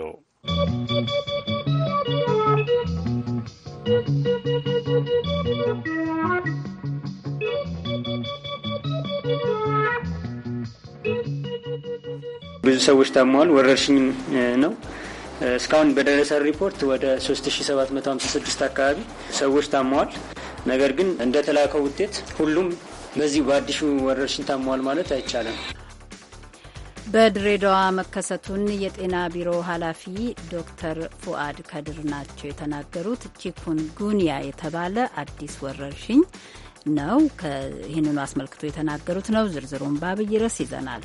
ነው። ብዙ ሰዎች ታመዋል። ወረርሽኝ ነው። እስካሁን በደረሰ ሪፖርት ወደ 3756 አካባቢ ሰዎች ታመዋል። ነገር ግን እንደተላከው ውጤት ሁሉም በዚህ በአዲሱ ወረርሽኝ ታመዋል ማለት አይቻልም። በድሬዳዋ መከሰቱን የጤና ቢሮ ኃላፊ ዶክተር ፉአድ ከድር ናቸው የተናገሩት። ቺኩንጉንያ የተባለ አዲስ ወረርሽኝ ነው። ይህንኑ አስመልክቶ የተናገሩት ነው። ዝርዝሩን በአብይ ርዕስ ይዘናል።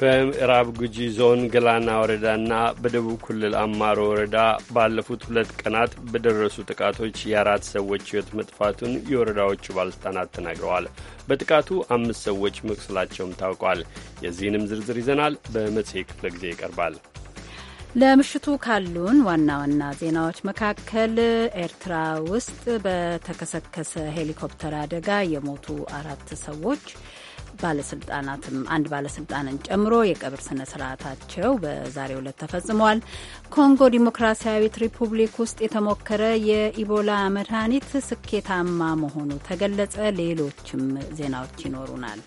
በምዕራብ ጉጂ ዞን ገላና ወረዳና በደቡብ ክልል አማሮ ወረዳ ባለፉት ሁለት ቀናት በደረሱ ጥቃቶች የአራት ሰዎች ሕይወት መጥፋቱን የወረዳዎቹ ባለስልጣናት ተናግረዋል። በጥቃቱ አምስት ሰዎች መቁሰላቸውም ታውቋል። የዚህንም ዝርዝር ይዘናል፣ በመጽሔት ክፍለ ጊዜ ይቀርባል። ለምሽቱ ካሉን ዋና ዋና ዜናዎች መካከል ኤርትራ ውስጥ በተከሰከሰ ሄሊኮፕተር አደጋ የሞቱ አራት ሰዎች ባለስልጣናትም አንድ ባለስልጣንን ጨምሮ የቀብር ስነ ስርዓታቸው በዛሬው ዕለት ተፈጽመዋል። ኮንጎ ዲሞክራሲያዊት ሪፑብሊክ ውስጥ የተሞከረ የኢቦላ መድኃኒት ስኬታማ መሆኑ ተገለጸ። ሌሎችም ዜናዎች ይኖሩናል።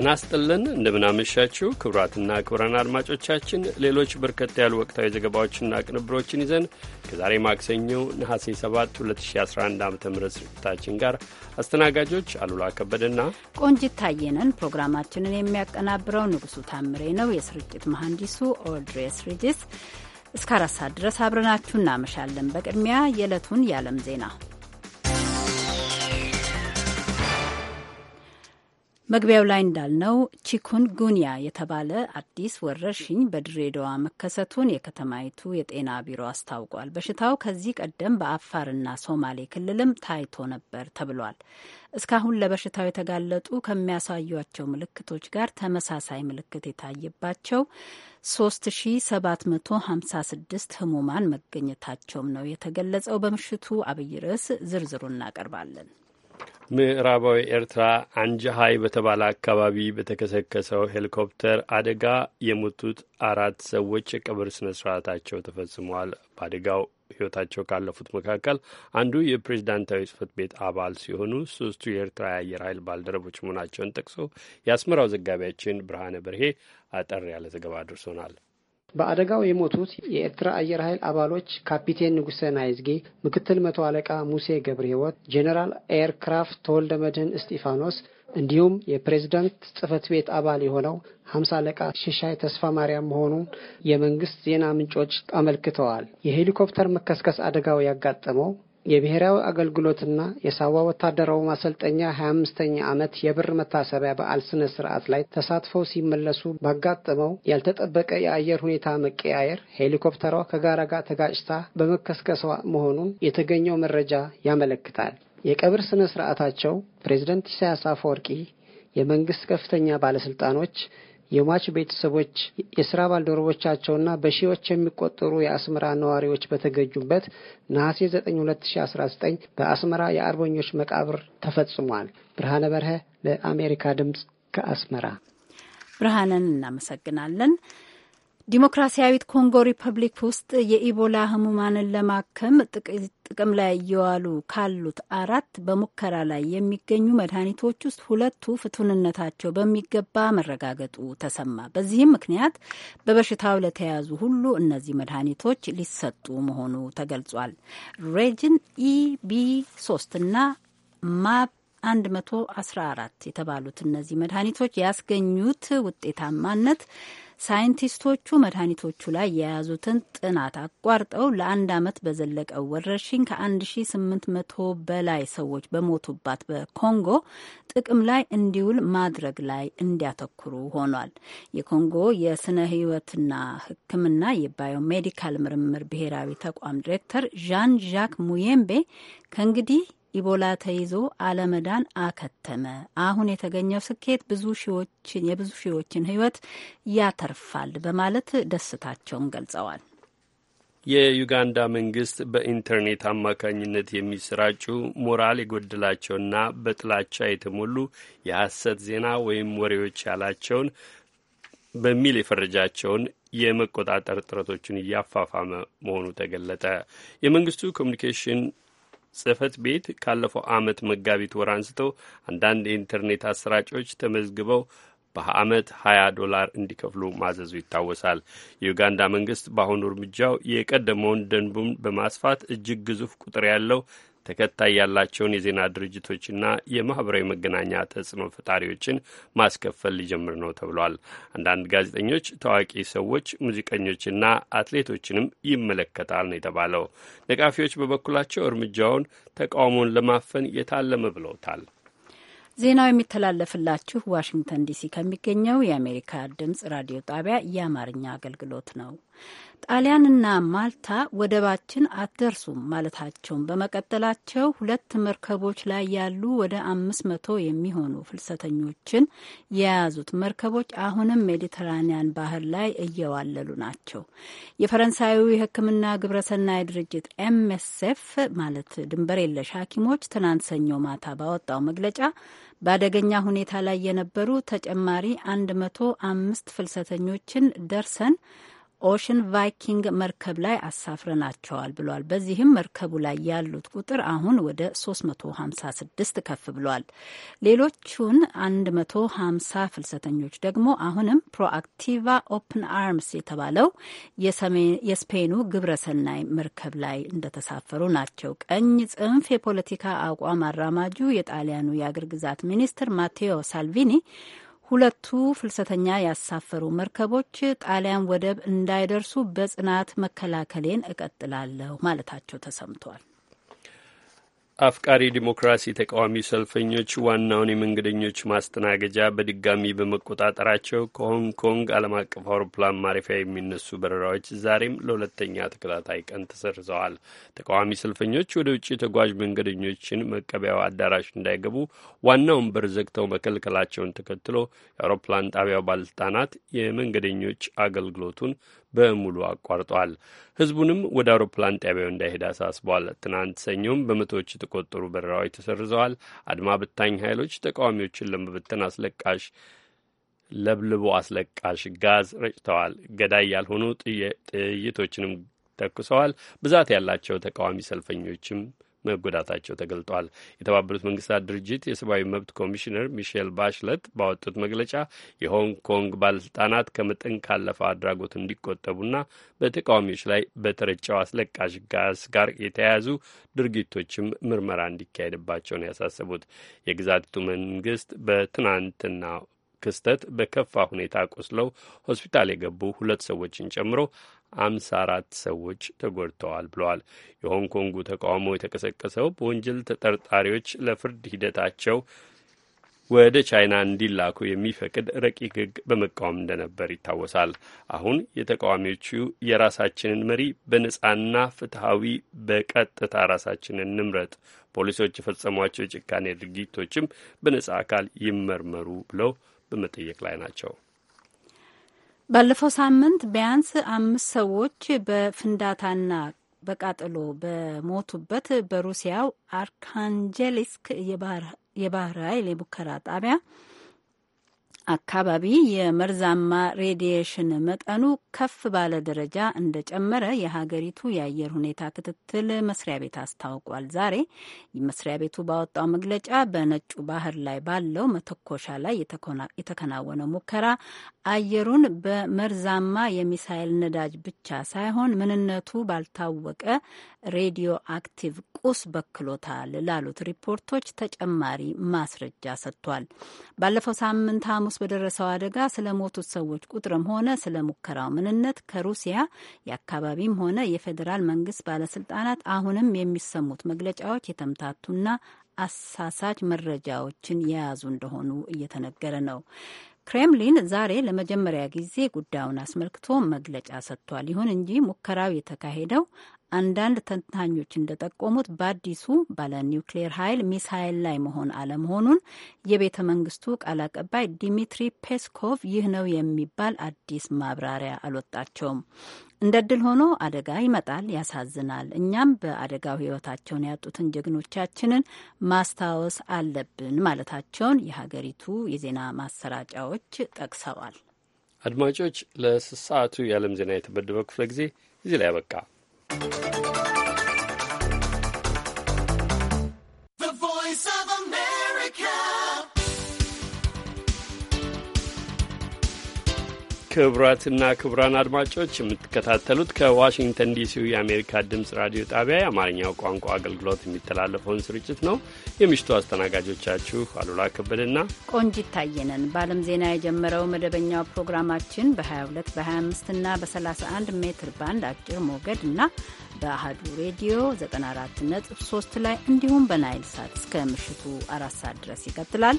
ጤና ስጥልን እንደምናመሻችው ክቡራትና ክቡራን አድማጮቻችን ሌሎች በርከት ያሉ ወቅታዊ ዘገባዎችና ቅንብሮችን ይዘን ከዛሬ ማክሰኞ ነሐሴ 7 2011 ዓ ም ስርጭታችን ጋር አስተናጋጆች አሉላ ከበደና ቆንጅት ታየነን። ፕሮግራማችንን የሚያቀናብረው ንጉሱ ታምሬ ነው። የስርጭት መሐንዲሱ ኦልድሬስ ሪጅስ። እስከ አራት ሰዓት ድረስ አብረናችሁ እናመሻለን። በቅድሚያ የዕለቱን የዓለም ዜና መግቢያው ላይ እንዳልነው ጉኒያ የተባለ አዲስ ወረርሽኝ በድሬዳዋ መከሰቱን የከተማይቱ የጤና ቢሮ አስታውቋል። በሽታው ከዚህ ቀደም በአፋርና ሶማሌ ክልልም ታይቶ ነበር ተብሏል። እስካሁን ለበሽታው የተጋለጡ ከሚያሳዩቸው ምልክቶች ጋር ተመሳሳይ ምልክት የታየባቸው 3756 ህሙማን መገኘታቸውም ነው የተገለጸው። በምሽቱ አብይ ርዕስ ዝርዝሩ እናቀርባለን። ምዕራባዊ ኤርትራ አንጃሃይ በተባለ አካባቢ በተከሰከሰው ሄሊኮፕተር አደጋ የሞቱት አራት ሰዎች የቀብር ስነ ስርዓታቸው ተፈጽመዋል። በአደጋው ሕይወታቸው ካለፉት መካከል አንዱ የፕሬዝዳንታዊ ጽህፈት ቤት አባል ሲሆኑ ሶስቱ የኤርትራ የአየር ኃይል ባልደረቦች መሆናቸውን ጠቅሶ የአስመራው ዘጋቢያችን ብርሃነ በርሄ አጠር ያለ ዘገባ አድርሶናል። በአደጋው የሞቱት የኤርትራ አየር ኃይል አባሎች ካፒቴን ንጉሰ ናይዝጌ፣ ምክትል መቶ አለቃ ሙሴ ገብረ ህይወት ጄኔራል ኤርክራፍት ተወልደ መድህን እስጢፋኖስ እንዲሁም የፕሬዝዳንት ጽህፈት ቤት አባል የሆነው ሀምሳ አለቃ ሽሻይ ተስፋ ማርያም መሆኑን የመንግስት ዜና ምንጮች አመልክተዋል። የሄሊኮፕተር መከስከስ አደጋው ያጋጠመው የብሔራዊ አገልግሎትና የሳዋ ወታደራዊ ማሰልጠኛ 25ኛ ዓመት የብር መታሰቢያ በዓል ስነ ስርዓት ላይ ተሳትፈው ሲመለሱ ባጋጠመው ያልተጠበቀ የአየር ሁኔታ መቀያየር ሄሊኮፕተሯ ከጋራ ጋር ተጋጭታ በመከስከሷ መሆኑን የተገኘው መረጃ ያመለክታል። የቀብር ስነ ስርዓታቸው ፕሬዝደንት ኢሳያስ አፈወርቂ፣ የመንግስት ከፍተኛ ባለስልጣኖች የሟች ቤተሰቦች የስራ ባልደረቦቻቸውና በሺዎች የሚቆጠሩ የአስመራ ነዋሪዎች በተገኙበት ነሐሴ 9 2019 በአስመራ የአርበኞች መቃብር ተፈጽሟል። ብርሃነ በርሀ ለአሜሪካ ድምፅ ከአስመራ። ብርሃንን እናመሰግናለን። ዲሞክራሲያዊት ኮንጎ ሪፐብሊክ ውስጥ የኢቦላ ህሙማንን ለማከም ጥቅም ላይ እየዋሉ ካሉት አራት በሙከራ ላይ የሚገኙ መድኃኒቶች ውስጥ ሁለቱ ፍቱንነታቸው በሚገባ መረጋገጡ ተሰማ። በዚህም ምክንያት በበሽታው ለተያዙ ሁሉ እነዚህ መድኃኒቶች ሊሰጡ መሆኑ ተገልጿል። ሬጅን ኢቢ ሶስት እና ማብ 114 የተባሉት እነዚህ መድኃኒቶች ያስገኙት ውጤታማነት ሳይንቲስቶቹ መድኃኒቶቹ ላይ የያዙትን ጥናት አቋርጠው ለአንድ ዓመት በዘለቀው ወረርሽኝ ከ1800 በላይ ሰዎች በሞቱባት በኮንጎ ጥቅም ላይ እንዲውል ማድረግ ላይ እንዲያተኩሩ ሆኗል። የኮንጎ የስነ ህክምና ሕክምና የባዮሜዲካል ምርምር ብሔራዊ ተቋም ዲሬክተር ዣን ዣክ ሙዬምቤ ከእንግዲህ ኢቦላ ተይዞ አለመዳን አከተመ። አሁን የተገኘው ስኬት ብዙ ሺዎችን የብዙ ሺዎችን ህይወት ያተርፋል በማለት ደስታቸውን ገልጸዋል። የዩጋንዳ መንግስት በኢንተርኔት አማካኝነት የሚሰራጩ ሞራል የጎደላቸውና በጥላቻ የተሞሉ የሐሰት ዜና ወይም ወሬዎች ያላቸውን በሚል የፈረጃቸውን የመቆጣጠር ጥረቶችን እያፋፋመ መሆኑ ተገለጠ። የመንግስቱ ኮሚኒኬሽን ጽህፈት ቤት ካለፈው ዓመት መጋቢት ወር አንስቶ አንዳንድ የኢንተርኔት አሰራጮች ተመዝግበው በዓመት 20 ዶላር እንዲከፍሉ ማዘዙ ይታወሳል። የዩጋንዳ መንግስት በአሁኑ እርምጃው የቀደመውን ደንቡን በማስፋት እጅግ ግዙፍ ቁጥር ያለው ተከታይ ያላቸውን የዜና ድርጅቶችና የማኅበራዊ መገናኛ ተጽዕኖ ፈጣሪዎችን ማስከፈል ሊጀምር ነው ተብሏል። አንዳንድ ጋዜጠኞች፣ ታዋቂ ሰዎች፣ ሙዚቀኞችና አትሌቶችንም ይመለከታል ነው የተባለው። ነቃፊዎች በበኩላቸው እርምጃውን ተቃውሞን ለማፈን የታለመ ብለውታል። ዜናው የሚተላለፍላችሁ ዋሽንግተን ዲሲ ከሚገኘው የአሜሪካ ድምጽ ራዲዮ ጣቢያ የአማርኛ አገልግሎት ነው። ጣሊያንና ማልታ ወደባችን አትደርሱም ማለታቸውን በመቀጠላቸው ሁለት መርከቦች ላይ ያሉ ወደ አምስት መቶ የሚሆኑ ፍልሰተኞችን የያዙት መርከቦች አሁንም ሜዲተራኒያን ባህር ላይ እየዋለሉ ናቸው። የፈረንሳዩ የሕክምና ግብረሰናይ ድርጅት ኤምኤስኤፍ ማለት ድንበር የለሽ ሐኪሞች ትናንት ሰኞ ማታ ባወጣው መግለጫ በአደገኛ ሁኔታ ላይ የነበሩ ተጨማሪ አንድ መቶ አምስት ፍልሰተኞችን ደርሰን ኦሽን ቫይኪንግ መርከብ ላይ አሳፍረናቸዋል ብሏል። በዚህም መርከቡ ላይ ያሉት ቁጥር አሁን ወደ 356 ከፍ ብሏል። ሌሎቹን 150 ፍልሰተኞች ደግሞ አሁንም ፕሮአክቲቫ ኦፕን አርምስ የተባለው የስፔኑ ግብረሰናይ መርከብ ላይ እንደተሳፈሩ ናቸው። ቀኝ ጽንፍ የፖለቲካ አቋም አራማጁ የጣሊያኑ የአገር ግዛት ሚኒስትር ማቴዎ ሳልቪኒ ሁለቱ ፍልሰተኛ ያሳፈሩ መርከቦች ጣሊያን ወደብ እንዳይደርሱ በጽናት መከላከሌን እቀጥላለሁ ማለታቸው ተሰምቷል። አፍቃሪ ዲሞክራሲ ተቃዋሚ ሰልፈኞች ዋናውን የመንገደኞች ማስተናገጃ በድጋሚ በመቆጣጠራቸው ከሆንግ ኮንግ ዓለም አቀፍ አውሮፕላን ማረፊያ የሚነሱ በረራዎች ዛሬም ለሁለተኛ ተከታታይ ቀን ተሰርዘዋል። ተቃዋሚ ሰልፈኞች ወደ ውጭ ተጓዥ መንገደኞችን መቀበያው አዳራሽ እንዳይገቡ ዋናውን በር ዘግተው መከልከላቸውን ተከትሎ የአውሮፕላን ጣቢያው ባለስልጣናት የመንገደኞች አገልግሎቱን በሙሉ አቋርጧል። ህዝቡንም ወደ አውሮፕላን ጣቢያው እንዳይሄድ አሳስቧል። ትናንት ሰኞም በመቶዎች የተቆጠሩ በረራዎች ተሰርዘዋል። አድማ በታኝ ኃይሎች ተቃዋሚዎችን ለመበተን አስለቃሽ ለብልቦ አስለቃሽ ጋዝ ረጭተዋል። ገዳይ ያልሆኑ ጥይቶችንም ተኩሰዋል። ብዛት ያላቸው ተቃዋሚ ሰልፈኞችም መጎዳታቸው ተገልጧል። የተባበሩት መንግስታት ድርጅት የሰብአዊ መብት ኮሚሽነር ሚሼል ባሽለት ባወጡት መግለጫ የሆንግ ኮንግ ባለስልጣናት ከመጠን ካለፈ አድራጎት እንዲቆጠቡና በተቃዋሚዎች ላይ በተረጫው አስለቃሽ ጋዝ ጋር የተያያዙ ድርጊቶችም ምርመራ እንዲካሄድባቸው ነው ያሳሰቡት። የግዛቲቱ መንግስት በትናንትና ክስተት በከፋ ሁኔታ ቆስለው ሆስፒታል የገቡ ሁለት ሰዎችን ጨምሮ አምሳ አራት ሰዎች ተጎድተዋል ብለዋል። የሆንግ ኮንጉ ተቃውሞ የተቀሰቀሰው በወንጀል ተጠርጣሪዎች ለፍርድ ሂደታቸው ወደ ቻይና እንዲላኩ የሚፈቅድ ረቂቅ ሕግ በመቃወም እንደነበር ይታወሳል። አሁን የተቃዋሚዎቹ የራሳችንን መሪ በነጻና ፍትሐዊ በቀጥታ ራሳችንን እንምረጥ፣ ፖሊሶች የፈጸሟቸው ጭካኔ ድርጊቶችም በነጻ አካል ይመርመሩ ብለው በመጠየቅ ላይ ናቸው። ባለፈው ሳምንት ቢያንስ አምስት ሰዎች በፍንዳታና በቃጠሎ በሞቱበት በሩሲያው አርካንጀሊስክ የባህር ኃይል የሙከራ ጣቢያ አካባቢ የመርዛማ ሬዲየሽን መጠኑ ከፍ ባለ ደረጃ እንደጨመረ የሀገሪቱ የአየር ሁኔታ ክትትል መስሪያ ቤት አስታውቋል። ዛሬ መስሪያ ቤቱ ባወጣው መግለጫ በነጩ ባህር ላይ ባለው መተኮሻ ላይ የተከናወነው ሙከራ አየሩን በመርዛማ የሚሳይል ነዳጅ ብቻ ሳይሆን ምንነቱ ባልታወቀ ሬዲዮ አክቲቭ ቁስ በክሎታል ላሉት ሪፖርቶች ተጨማሪ ማስረጃ ሰጥቷል። ባለፈው ሳምንት ሐሙስ በደረሰው አደጋ ስለሞቱት ሰዎች ቁጥርም ሆነ ስለ ሙከራው ምንነት ከሩሲያ የአካባቢም ሆነ የፌዴራል መንግስት ባለስልጣናት አሁንም የሚሰሙት መግለጫዎች የተምታቱና አሳሳች መረጃዎችን የያዙ እንደሆኑ እየተነገረ ነው። ክሬምሊን ዛሬ ለመጀመሪያ ጊዜ ጉዳዩን አስመልክቶ መግለጫ ሰጥቷል። ይሁን እንጂ ሙከራው የተካሄደው አንዳንድ ተንታኞች እንደጠቆሙት በአዲሱ ባለ ኒውክሌር ኃይል ሚሳይል ላይ መሆን አለመሆኑን የቤተ መንግስቱ ቃል አቀባይ ዲሚትሪ ፔስኮቭ ይህ ነው የሚባል አዲስ ማብራሪያ አልወጣቸውም። እንደ ድል ሆኖ አደጋ ይመጣል፣ ያሳዝናል። እኛም በአደጋው ህይወታቸውን ያጡትን ጀግኖቻችንን ማስታወስ አለብን ማለታቸውን የሀገሪቱ የዜና ማሰራጫዎች ጠቅሰዋል። አድማጮች፣ ለስሳቱ የዓለም ዜና የተበደበው ክፍለ ጊዜ እዚህ ላይ አበቃ። Thank you. ክቡራትና ክቡራን አድማጮች የምትከታተሉት ከዋሽንግተን ዲሲው የአሜሪካ ድምፅ ራዲዮ ጣቢያ የአማርኛው ቋንቋ አገልግሎት የሚተላለፈውን ስርጭት ነው። የምሽቱ አስተናጋጆቻችሁ አሉላ ከበደና ቆንጂ ይታየነን። በአለም በዓለም ዜና የጀመረው መደበኛው ፕሮግራማችን በ22 በ25 እና በ31 ሜትር ባንድ አጭር ሞገድ እና በአህዱ ሬዲዮ 94.3 ላይ እንዲሁም በናይል ሳት እስከ ምሽቱ አራት ሰዓት ድረስ ይቀጥላል።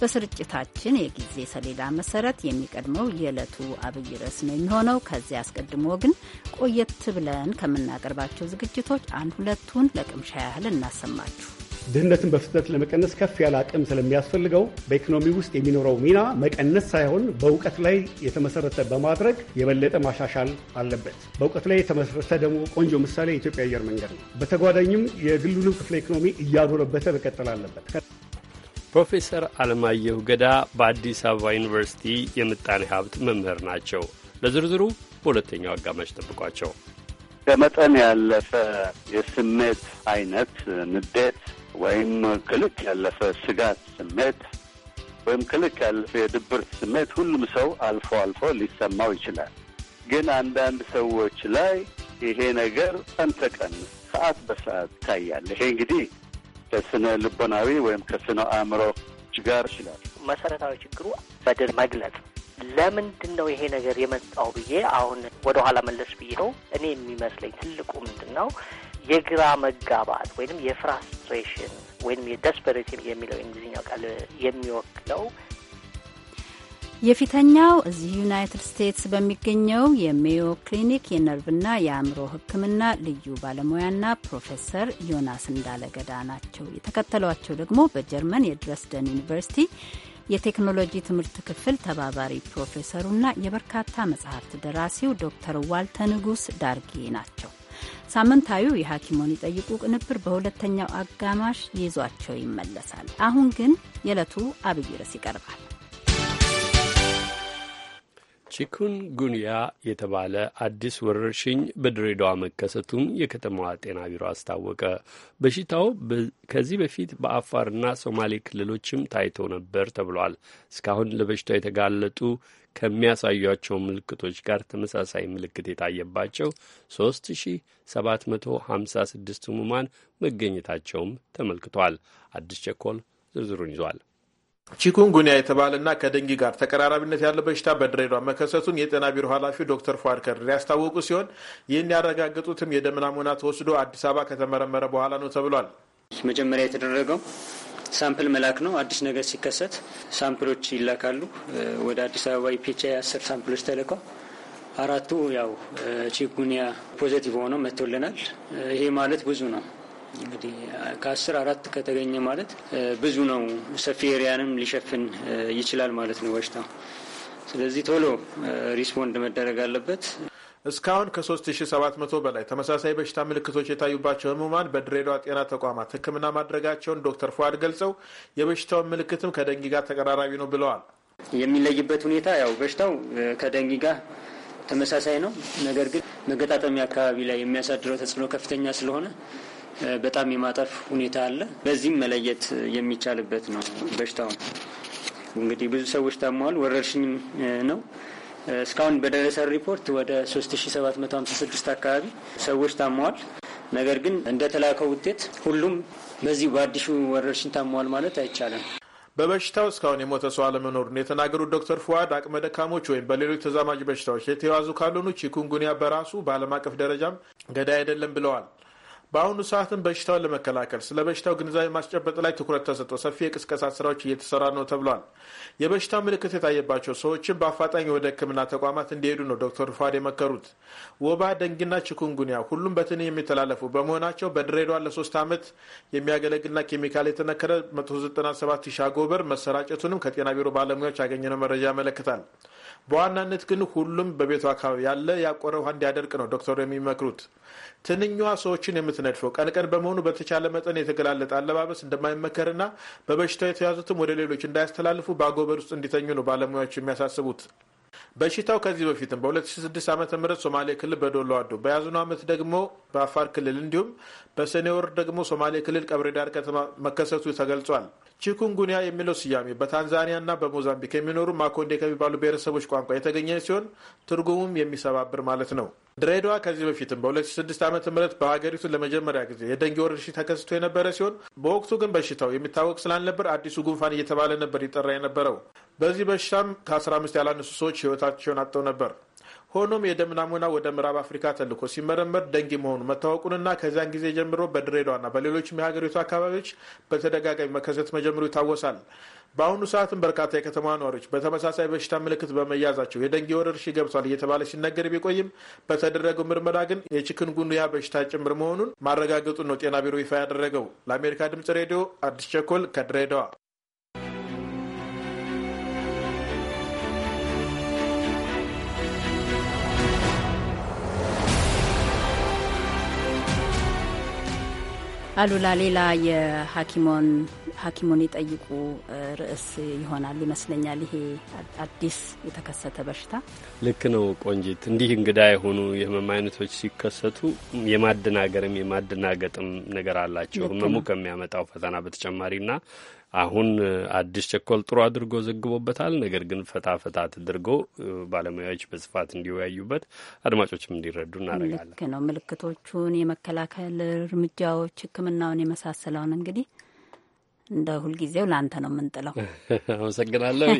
በስርጭታችን የጊዜ ሰሌዳ መሰረት የሚቀድመው የዕለቱ አብይ ርዕስ ነው የሚሆነው። ከዚያ አስቀድሞ ግን ቆየት ብለን ከምናቀርባቸው ዝግጅቶች አንድ ሁለቱን ለቅምሻ ያህል እናሰማችሁ። ድህነትን በፍጥነት ለመቀነስ ከፍ ያለ አቅም ስለሚያስፈልገው በኢኮኖሚ ውስጥ የሚኖረው ሚና መቀነስ ሳይሆን በእውቀት ላይ የተመሰረተ በማድረግ የበለጠ ማሻሻል አለበት። በእውቀት ላይ የተመሰረተ ደግሞ ቆንጆ ምሳሌ የኢትዮጵያ አየር መንገድ ነው። በተጓዳኝም የግሉንም ክፍለ ኢኮኖሚ እያዶረበተ መቀጠል አለበት። ፕሮፌሰር አለማየሁ ገዳ በአዲስ አበባ ዩኒቨርሲቲ የምጣኔ ሀብት መምህር ናቸው። ለዝርዝሩ በሁለተኛው አጋማሽ ጠብቋቸው። ከመጠን ያለፈ የስሜት አይነት ንዴት ወይም ክልክ ያለፈ ስጋት ስሜት ወይም ክልክ ያለፈ የድብርት ስሜት ሁሉም ሰው አልፎ አልፎ ሊሰማው ይችላል። ግን አንዳንድ ሰዎች ላይ ይሄ ነገር ቀን ተቀን፣ ሰዓት በሰዓት ይታያል። ይሄ እንግዲህ ከስነ ልቦናዊ ወይም ከስነ አእምሮ ጋር ይችላል። መሰረታዊ ችግሩ በድር መግለጽ ለምንድን ነው ይሄ ነገር የመጣው ብዬ አሁን ወደኋላ መለስ ብዬ ነው እኔ የሚመስለኝ ትልቁ ምንድን ነው የግራ መጋባት ወይንም የፍራስትሬሽን ወይንም የደስፐሬት የሚለው የእንግሊዝኛው ቃል የሚወክለው የፊተኛው እዚህ ዩናይትድ ስቴትስ በሚገኘው የሜዮ ክሊኒክ የነርቭና የአእምሮ ሕክምና ልዩ ባለሙያና ፕሮፌሰር ዮናስ እንዳለገዳ ናቸው። የተከተሏቸው ደግሞ በጀርመን የድረስደን ዩኒቨርሲቲ የቴክኖሎጂ ትምህርት ክፍል ተባባሪ ፕሮፌሰሩና የበርካታ መጽሐፍት ደራሲው ዶክተር ዋልተ ንጉስ ዳርጌ ናቸው። ሳምንታዊው የሐኪሞን ይጠይቁ ቅንብር በሁለተኛው አጋማሽ ይዟቸው ይመለሳል። አሁን ግን የዕለቱ አብይ ርዕስ ይቀርባል። ቺኩንጉንያ የተባለ አዲስ ወረርሽኝ በድሬዳዋ መከሰቱን የከተማዋ ጤና ቢሮ አስታወቀ። በሽታው ከዚህ በፊት በአፋርና ሶማሌ ክልሎችም ታይቶ ነበር ተብሏል። እስካሁን ለበሽታው የተጋለጡ ከሚያሳዩቸው ምልክቶች ጋር ተመሳሳይ ምልክት የታየባቸው 3756 ህሙማን መገኘታቸውም ተመልክቷል። አዲስ ቸኮል ዝርዝሩን ይዟል። ቺኩንጉኒያ የተባለና ከደንጊ ጋር ተቀራራቢነት ያለው በሽታ በድሬዳዋ መከሰቱን የጤና ቢሮ ኃላፊው ዶክተር ፏድ ከድር ያስታወቁ ሲሆን ይህን ያረጋገጡትም የደም ናሙና ተወስዶ አዲስ አበባ ከተመረመረ በኋላ ነው ተብሏል። መጀመሪያ የተደረገው ሳምፕል መላክ ነው። አዲስ ነገር ሲከሰት ሳምፕሎች ይላካሉ። ወደ አዲስ አበባ የፒኤችአይ አስር ሳምፕሎች ተልከው አራቱ ያው ቺኩንያ ፖዘቲቭ ሆነው መጥቶልናል። ይሄ ማለት ብዙ ነው። እንግዲህ ከአስር አራት ከተገኘ ማለት ብዙ ነው። ሰፊ ኤሪያንም ሊሸፍን ይችላል ማለት ነው በሽታው። ስለዚህ ቶሎ ሪስፖንድ መደረግ አለበት። እስካሁን ከ3700 በላይ ተመሳሳይ በሽታ ምልክቶች የታዩባቸው ህሙማን በድሬዳዋ ጤና ተቋማት ሕክምና ማድረጋቸውን ዶክተር ፏድ ገልጸው የበሽታውን ምልክትም ከደንጊ ጋር ተቀራራቢ ነው ብለዋል። የሚለይበት ሁኔታ ያው በሽታው ከደንጊ ጋር ተመሳሳይ ነው። ነገር ግን መገጣጠሚያ አካባቢ ላይ የሚያሳድረው ተጽዕኖ ከፍተኛ ስለሆነ በጣም የማጠፍ ሁኔታ አለ። በዚህም መለየት የሚቻልበት ነው። በሽታው። እንግዲህ ብዙ ሰዎች ታመዋል። ወረርሽኝም ነው። እስካሁን በደረሰ ሪፖርት ወደ 3756 አካባቢ ሰዎች ታመዋል። ነገር ግን እንደተላከው ውጤት ሁሉም በዚህ በአዲሱ ወረርሽኝ ታመዋል ማለት አይቻልም። በበሽታው እስካሁን የሞተ ሰው አለመኖሩን የተናገሩት ዶክተር ፉዋድ አቅመ ደካሞች ወይም በሌሎች ተዛማጅ በሽታዎች የተያዙ ካልሆኑ ቺኩንጉኒያ በራሱ በዓለም አቀፍ ደረጃም ገዳይ አይደለም ብለዋል። በአሁኑ ሰዓትም በሽታውን ለመከላከል ስለ በሽታው ግንዛቤ ማስጨበጥ ላይ ትኩረት ተሰጥቶ ሰፊ የቅስቀሳ ስራዎች እየተሰራ ነው ተብሏል። የበሽታው ምልክት የታየባቸው ሰዎችም በአፋጣኝ ወደ ሕክምና ተቋማት እንዲሄዱ ነው ዶክተር ፏድ የመከሩት። ወባ፣ ደንግና ችኩንጉኒያ ሁሉም በትን የሚተላለፉ በመሆናቸው በድሬዳዋ ለሶስት ዓመት የሚያገለግልና ኬሚካል የተነከረ 197 ሺህ አጎበር መሰራጨቱንም ከጤና ቢሮ ባለሙያዎች ያገኘነው መረጃ ያመለክታል። በዋናነት ግን ሁሉም በቤቱ አካባቢ ያለ ያቆረ ውሃ እንዲያደርቅ ነው ዶክተሩ የሚመክሩት። ትንኛዋ ሰዎችን የምትነድፈው ቀን ቀን በመሆኑ በተቻለ መጠን የተገላለጠ አለባበስ እንደማይመከርና በበሽታው የተያዙትም ወደ ሌሎች እንዳያስተላልፉ በአጎበር ውስጥ እንዲተኙ ነው ባለሙያዎች የሚያሳስቡት። በሽታው ከዚህ በፊትም በ2006 ዓ ም ሶማሌ ክልል በዶሎ አዶ በያዝነው ዓመት ደግሞ በአፋር ክልል እንዲሁም በሰኔ ወር ደግሞ ሶማሌ ክልል ቀብሬዳር ከተማ መከሰቱ ተገልጿል። ቺኩንጉኒያ የሚለው ስያሜ በታንዛኒያና በሞዛምቢክ የሚኖሩ ማኮንዴ ከሚባሉ ብሔረሰቦች ቋንቋ የተገኘ ሲሆን ትርጉሙም የሚሰባብር ማለት ነው። ድሬዳዋ ከዚህ በፊትም በ2006 ዓ ም በሀገሪቱ ለመጀመሪያ ጊዜ የደንጌ ወረርሽኝ ተከስቶ የነበረ ሲሆን በወቅቱ ግን በሽታው የሚታወቅ ስላልነበር አዲሱ ጉንፋን እየተባለ ነበር ይጠራ የነበረው። በዚህ በሽታም ከ15 ያላነሱ ሰዎች ህይወታቸውን አጥተው ነበር። ሆኖም የደም ናሙና ወደ ምዕራብ አፍሪካ ተልኮ ሲመረመር ደንጊ መሆኑ መታወቁንና ከዚያን ጊዜ ጀምሮ በድሬዳዋና በሌሎችም የሀገሪቱ አካባቢዎች በተደጋጋሚ መከሰት መጀመሩ ይታወሳል። በአሁኑ ሰዓትም በርካታ የከተማ ነዋሪዎች በተመሳሳይ በሽታ ምልክት በመያዛቸው የደንጌ ወረርሽኝ ገብቷል እየተባለ ሲነገር ቢቆይም በተደረገው ምርመራ ግን የቺኩንጉንያ በሽታ ጭምር መሆኑን ማረጋገጡን ነው ጤና ቢሮ ይፋ ያደረገው። ለአሜሪካ ድምጽ ሬዲዮ አዲስ ቸኮል ከድሬዳዋ አሉላ ሌላ የሐኪሞን ሐኪሙን ይጠይቁ ርዕስ ይሆናል ይመስለኛል። ይሄ አዲስ የተከሰተ በሽታ ልክ ነው ቆንጂት። እንዲህ እንግዳ የሆኑ የህመም አይነቶች ሲከሰቱ የማደናገርም የማደናገጥም ነገር አላቸው ህመሙ ከሚያመጣው ፈተና በተጨማሪና አሁን አዲስ ቸኮል ጥሩ አድርጎ ዘግቦበታል። ነገር ግን ፈታ ፈታ ተደርጎ ባለሙያዎች በስፋት እንዲወያዩበት አድማጮችም እንዲረዱ እናደርጋለን። ልክ ነው። ምልክቶቹን፣ የመከላከል እርምጃዎች፣ ሕክምናውን የመሳሰለውን እንግዲህ እንደ ሁልጊዜው ለአንተ ነው የምንጥለው። አመሰግናለሁ።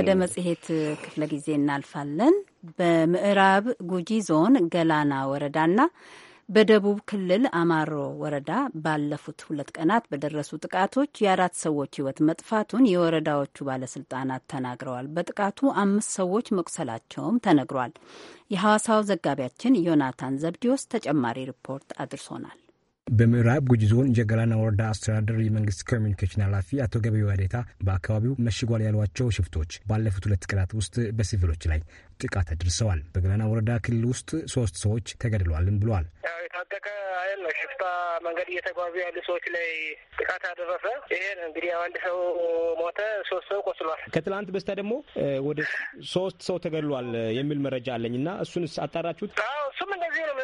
ወደ መጽሔት ክፍለ ጊዜ እናልፋለን። በምዕራብ ጉጂ ዞን ገላና ወረዳና በደቡብ ክልል አማሮ ወረዳ ባለፉት ሁለት ቀናት በደረሱ ጥቃቶች የአራት ሰዎች ሕይወት መጥፋቱን የወረዳዎቹ ባለስልጣናት ተናግረዋል። በጥቃቱ አምስት ሰዎች መቁሰላቸውም ተነግሯል። የሐዋሳው ዘጋቢያችን ዮናታን ዘብዲዎስ ተጨማሪ ሪፖርት አድርሶናል። በምዕራብ ጉጂ ዞን ጀገላና ወረዳ አስተዳደር የመንግስት ኮሚኒኬሽን ኃላፊ አቶ ገበዩ አዴታ በአካባቢው መሽጓል ያሏቸው ሽፍቶች ባለፉት ሁለት ቀናት ውስጥ በሲቪሎች ላይ ጥቃት አድርሰዋል። በገላና ወረዳ ክልል ውስጥ ሶስት ሰዎች ተገድለዋልም ብለዋል። የታጠቀ ኃይል ነው ሽፍታ መንገድ እየተጓዙ ያሉ ሰዎች ላይ ጥቃት አደረሰ። ይሄ ነው እንግዲህ አንድ ሰው ሞተ፣ ሶስት ሰው ቆስሏል። ከትላንት በስቲያ ደግሞ ወደ ሶስት ሰው ተገድሏል የሚል መረጃ አለኝ እና እሱን አጣራችሁት? እሱም እንደዚህ ነው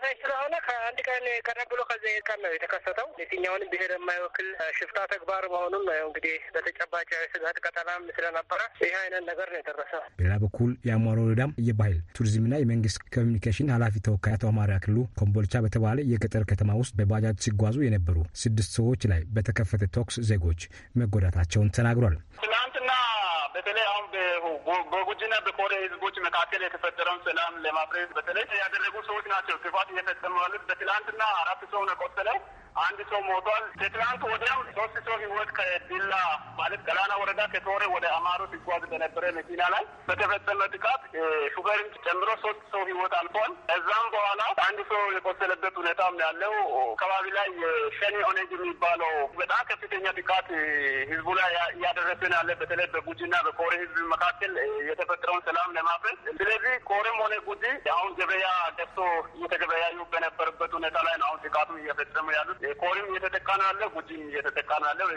ተመሳሳይ ስለሆነ ከአንድ ቀን ቀደም ብሎ ከዚያ ቀን ነው የተከሰተው። የትኛውንም ብሔር የማይወክል ሽፍታ ተግባር መሆኑን ነው እንግዲህ በተጨባጭ ስጋት ቀጠናም ስለነበረ ይህ አይነት ነገር ነው የደረሰው። በሌላ በኩል የአማሮ ወረዳም የባህል ቱሪዝምና የመንግስት ኮሚኒኬሽን ኃላፊ ተወካይ አቶ አማሪያ ክልሉ ኮምቦልቻ በተባለ የገጠር ከተማ ውስጥ በባጃጅ ሲጓዙ የነበሩ ስድስት ሰዎች ላይ በተከፈተ ተኩስ ዜጎች መጎዳታቸውን ተናግሯል። በተለይ አሁን በጉጂና በኮሬ ህዝቦች መካከል የተፈጠረውን ሰላም ለማፍረስ በተለይ ያደረጉ ሰዎች ናቸው ክፋት እየፈጸሙ ያሉት። በትላንትና አራት ሰው ነው ቆሰለው አንድ ሰው ሞቷል። ከትላንት ወዲያም ሶስት ሰው ህይወት ከዲላ ማለት ገላና ወረዳ ከቶሬ ወደ አማሮ ሲጓዝ በነበረ መኪና ላይ በተፈጸመ ጥቃት ሹፌርን ጨምሮ ሶስት ሰው ህይወት አልፏል። ከዛም በኋላ አንድ ሰው የቆሰለበት ሁኔታም ያለው አካባቢ ላይ የሸኔ ኦነግ የሚባለው በጣም ከፍተኛ ጥቃት ህዝቡ ላይ እያደረሰን ያለ በተለይ በጉጂና በኮሬ ህዝብ መካከል የተፈጠረውን ሰላም ለማፍረስ ስለዚህ ኮሬም ሆነ ጉጂ አሁን ገበያ ገብቶ እየተገበያዩ በነበረበት ሁኔታ ላይ ነው አሁን ጥቃቱ እየፈጸሙ ያሉት። የኮሪም እየተጠቃን አለ፣ ጉጂም ነው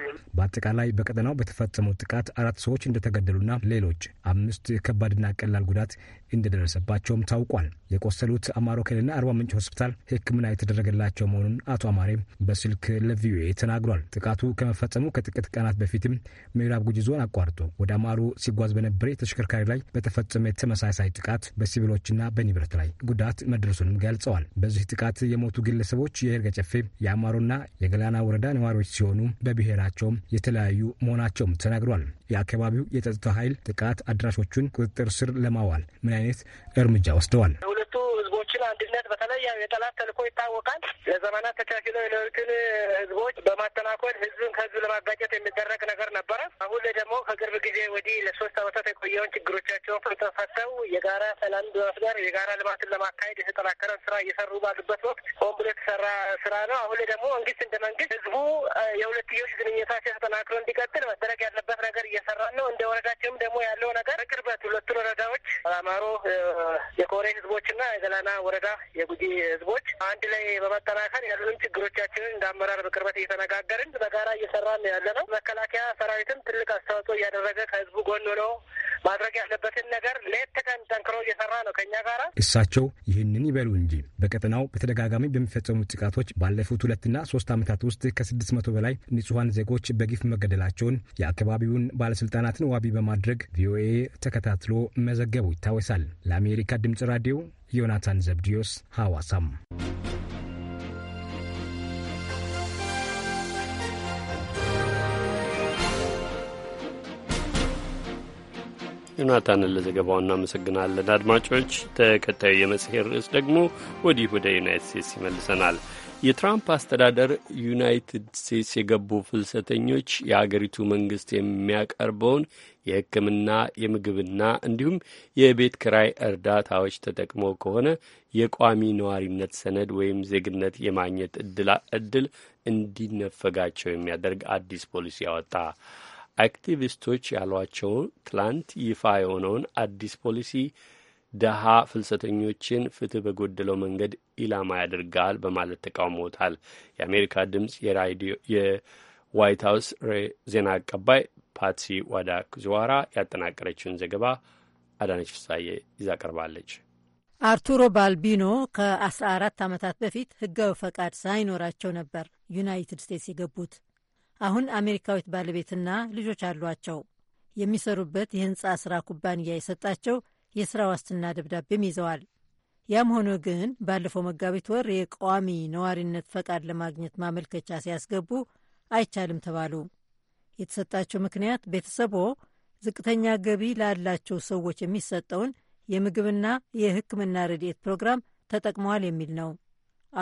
ያለ። በአጠቃላይ በቀጠናው በተፈጸመው ጥቃት አራት ሰዎች እንደተገደሉና ሌሎች አምስት ከባድና ቀላል ጉዳት እንደደረሰባቸውም ታውቋል። የቆሰሉት አማሮ ክልልና አርባ ምንጭ ሆስፒታል ሕክምና የተደረገላቸው መሆኑን አቶ አማሬ በስልክ ለቪኦኤ ተናግሯል። ጥቃቱ ከመፈጸሙ ከጥቂት ቀናት በፊትም ምዕራብ ጉጂ ዞን አቋርጦ ወደ አማሮ ሲጓዝ በነበረ ተሽከርካሪ ላይ በተፈጸመ ተመሳሳይ ጥቃት በሲቪሎችና በንብረት ላይ ጉዳት መድረሱንም ገልጸዋል። በዚህ ጥቃት የሞቱ ግለሰቦች የይርጋ ጨፌ፣ የአማሮና የገላና ወረዳ ነዋሪዎች ሲሆኑ በብሔራቸውም የተለያዩ መሆናቸውም ተናግሯል። የአካባቢው የጸጥታ ኃይል ጥቃት አድራሾቹን ቁጥጥር ስር ለማዋል ምን አይነት እርምጃ ወስደዋል? የሁለቱ ህዝቦችን አንድነት በተለይ የጠላት ተልእኮ ይታወቃል። ለዘመናት ተቻችለው የኖሩትን ህዝቦች በማጠናኮል ህዝብን ከህዝብ ለማጋጨት የሚደረግ ነገር ነበረ። አሁን ላይ ደግሞ ከቅርብ ጊዜ ወዲህ ለሶስት ዓመታት የቆየውን ችግሮቻቸውን ፈተው የጋራ ሰላም በመፍጠር የጋራ ልማትን ለማካሄድ የተጠናከረ ስራ እየሰሩ ባሉበት ወቅት ሆን ብሎ የተሰራ ስራ ነው። አሁን ላይ ደግሞ መንግስት እንደ መንግስት ህዝቡ የሁለትዮሽ ግንኙነታቸው ተጠናክሮ እንዲቀጥል መደረግ ያለበት ነገር እየሰራ ነው። እንደ ወረዳቸውም ደግሞ ያለው ነገር በቅርበት ሁለቱን ወረዳዎች አማሮ የኮሬ ህዝቦችና እና የገላና ወረዳ የጉጂ ህዝቦች አንድ ላይ በመጠናከር ያሉንም ችግሮቻችንን እንደ አመራር በቅርበት እየተነጋገርን በጋራ እየሰራን ያለ ነው። መከላከያ ሰራዊትም ትልቅ አስተዋጽኦ እያደረገ ከህዝቡ ጎን ሆኖ ማድረግ ያለበትን ነገር ሌት ቀን ጠንክሮ እየሰራ ነው ከኛ ጋራ። እሳቸው ይህንን ይበሉ እንጂ በቀጠናው በተደጋጋሚ በሚፈጸሙ ጥቃቶች ባለፉት ሁለትና ሶስት ዓመታት ውስጥ ከስድስት መቶ በላይ ንጹሐን ዜጎች በግፍ መገደላቸውን የአካባቢውን ባለስልጣናትን ዋቢ በማድረግ ቪኦኤ ተከታትሎ መዘገቡ ይታወሳል። ለአሜሪካ ድምጽ ራዲዮ ዮናታን ዘብድዮስ ሐዋሳም ዮናታንን ለዘገባው እናመሰግናለን። አድማጮች፣ ተከታዩ የመጽሔር ርዕስ ደግሞ ወዲህ ወደ ዩናይት ስቴትስ ይመልሰናል። የትራምፕ አስተዳደር ዩናይትድ ስቴትስ የገቡ ፍልሰተኞች የአገሪቱ መንግስት የሚያቀርበውን የሕክምና የምግብና እንዲሁም የቤት ክራይ እርዳታዎች ተጠቅሞ ከሆነ የቋሚ ነዋሪነት ሰነድ ወይም ዜግነት የማግኘት እድል እንዲነፈጋቸው የሚያደርግ አዲስ ፖሊሲ ያወጣ። አክቲቪስቶች ያሏቸውን ትላንት ይፋ የሆነውን አዲስ ፖሊሲ ደሃ ፍልሰተኞችን ፍትህ በጎደለው መንገድ ኢላማ ያደርጋል በማለት ተቃውሞታል። የአሜሪካ ድምፅ የዋይት ሀውስ ዜና አቀባይ ፓትሲ ዋዳ ኩዝዋራ ያጠናቀረችውን ዘገባ አዳነች ፍሳዬ ይዛ ቀርባለች። አርቱሮ ባልቢኖ ከ14 ዓመታት በፊት ህጋዊ ፈቃድ ሳይኖራቸው ነበር ዩናይትድ ስቴትስ የገቡት። አሁን አሜሪካዊት ባለቤትና ልጆች አሏቸው። የሚሰሩበት የህንፃ ስራ ኩባንያ የሰጣቸው የሥራ ዋስትና ደብዳቤም ይዘዋል። ያም ሆኖ ግን ባለፈው መጋቢት ወር የቋሚ ነዋሪነት ፈቃድ ለማግኘት ማመልከቻ ሲያስገቡ አይቻልም ተባሉ። የተሰጣቸው ምክንያት ቤተሰቦ ዝቅተኛ ገቢ ላላቸው ሰዎች የሚሰጠውን የምግብና የሕክምና ረድኤት ፕሮግራም ተጠቅመዋል የሚል ነው።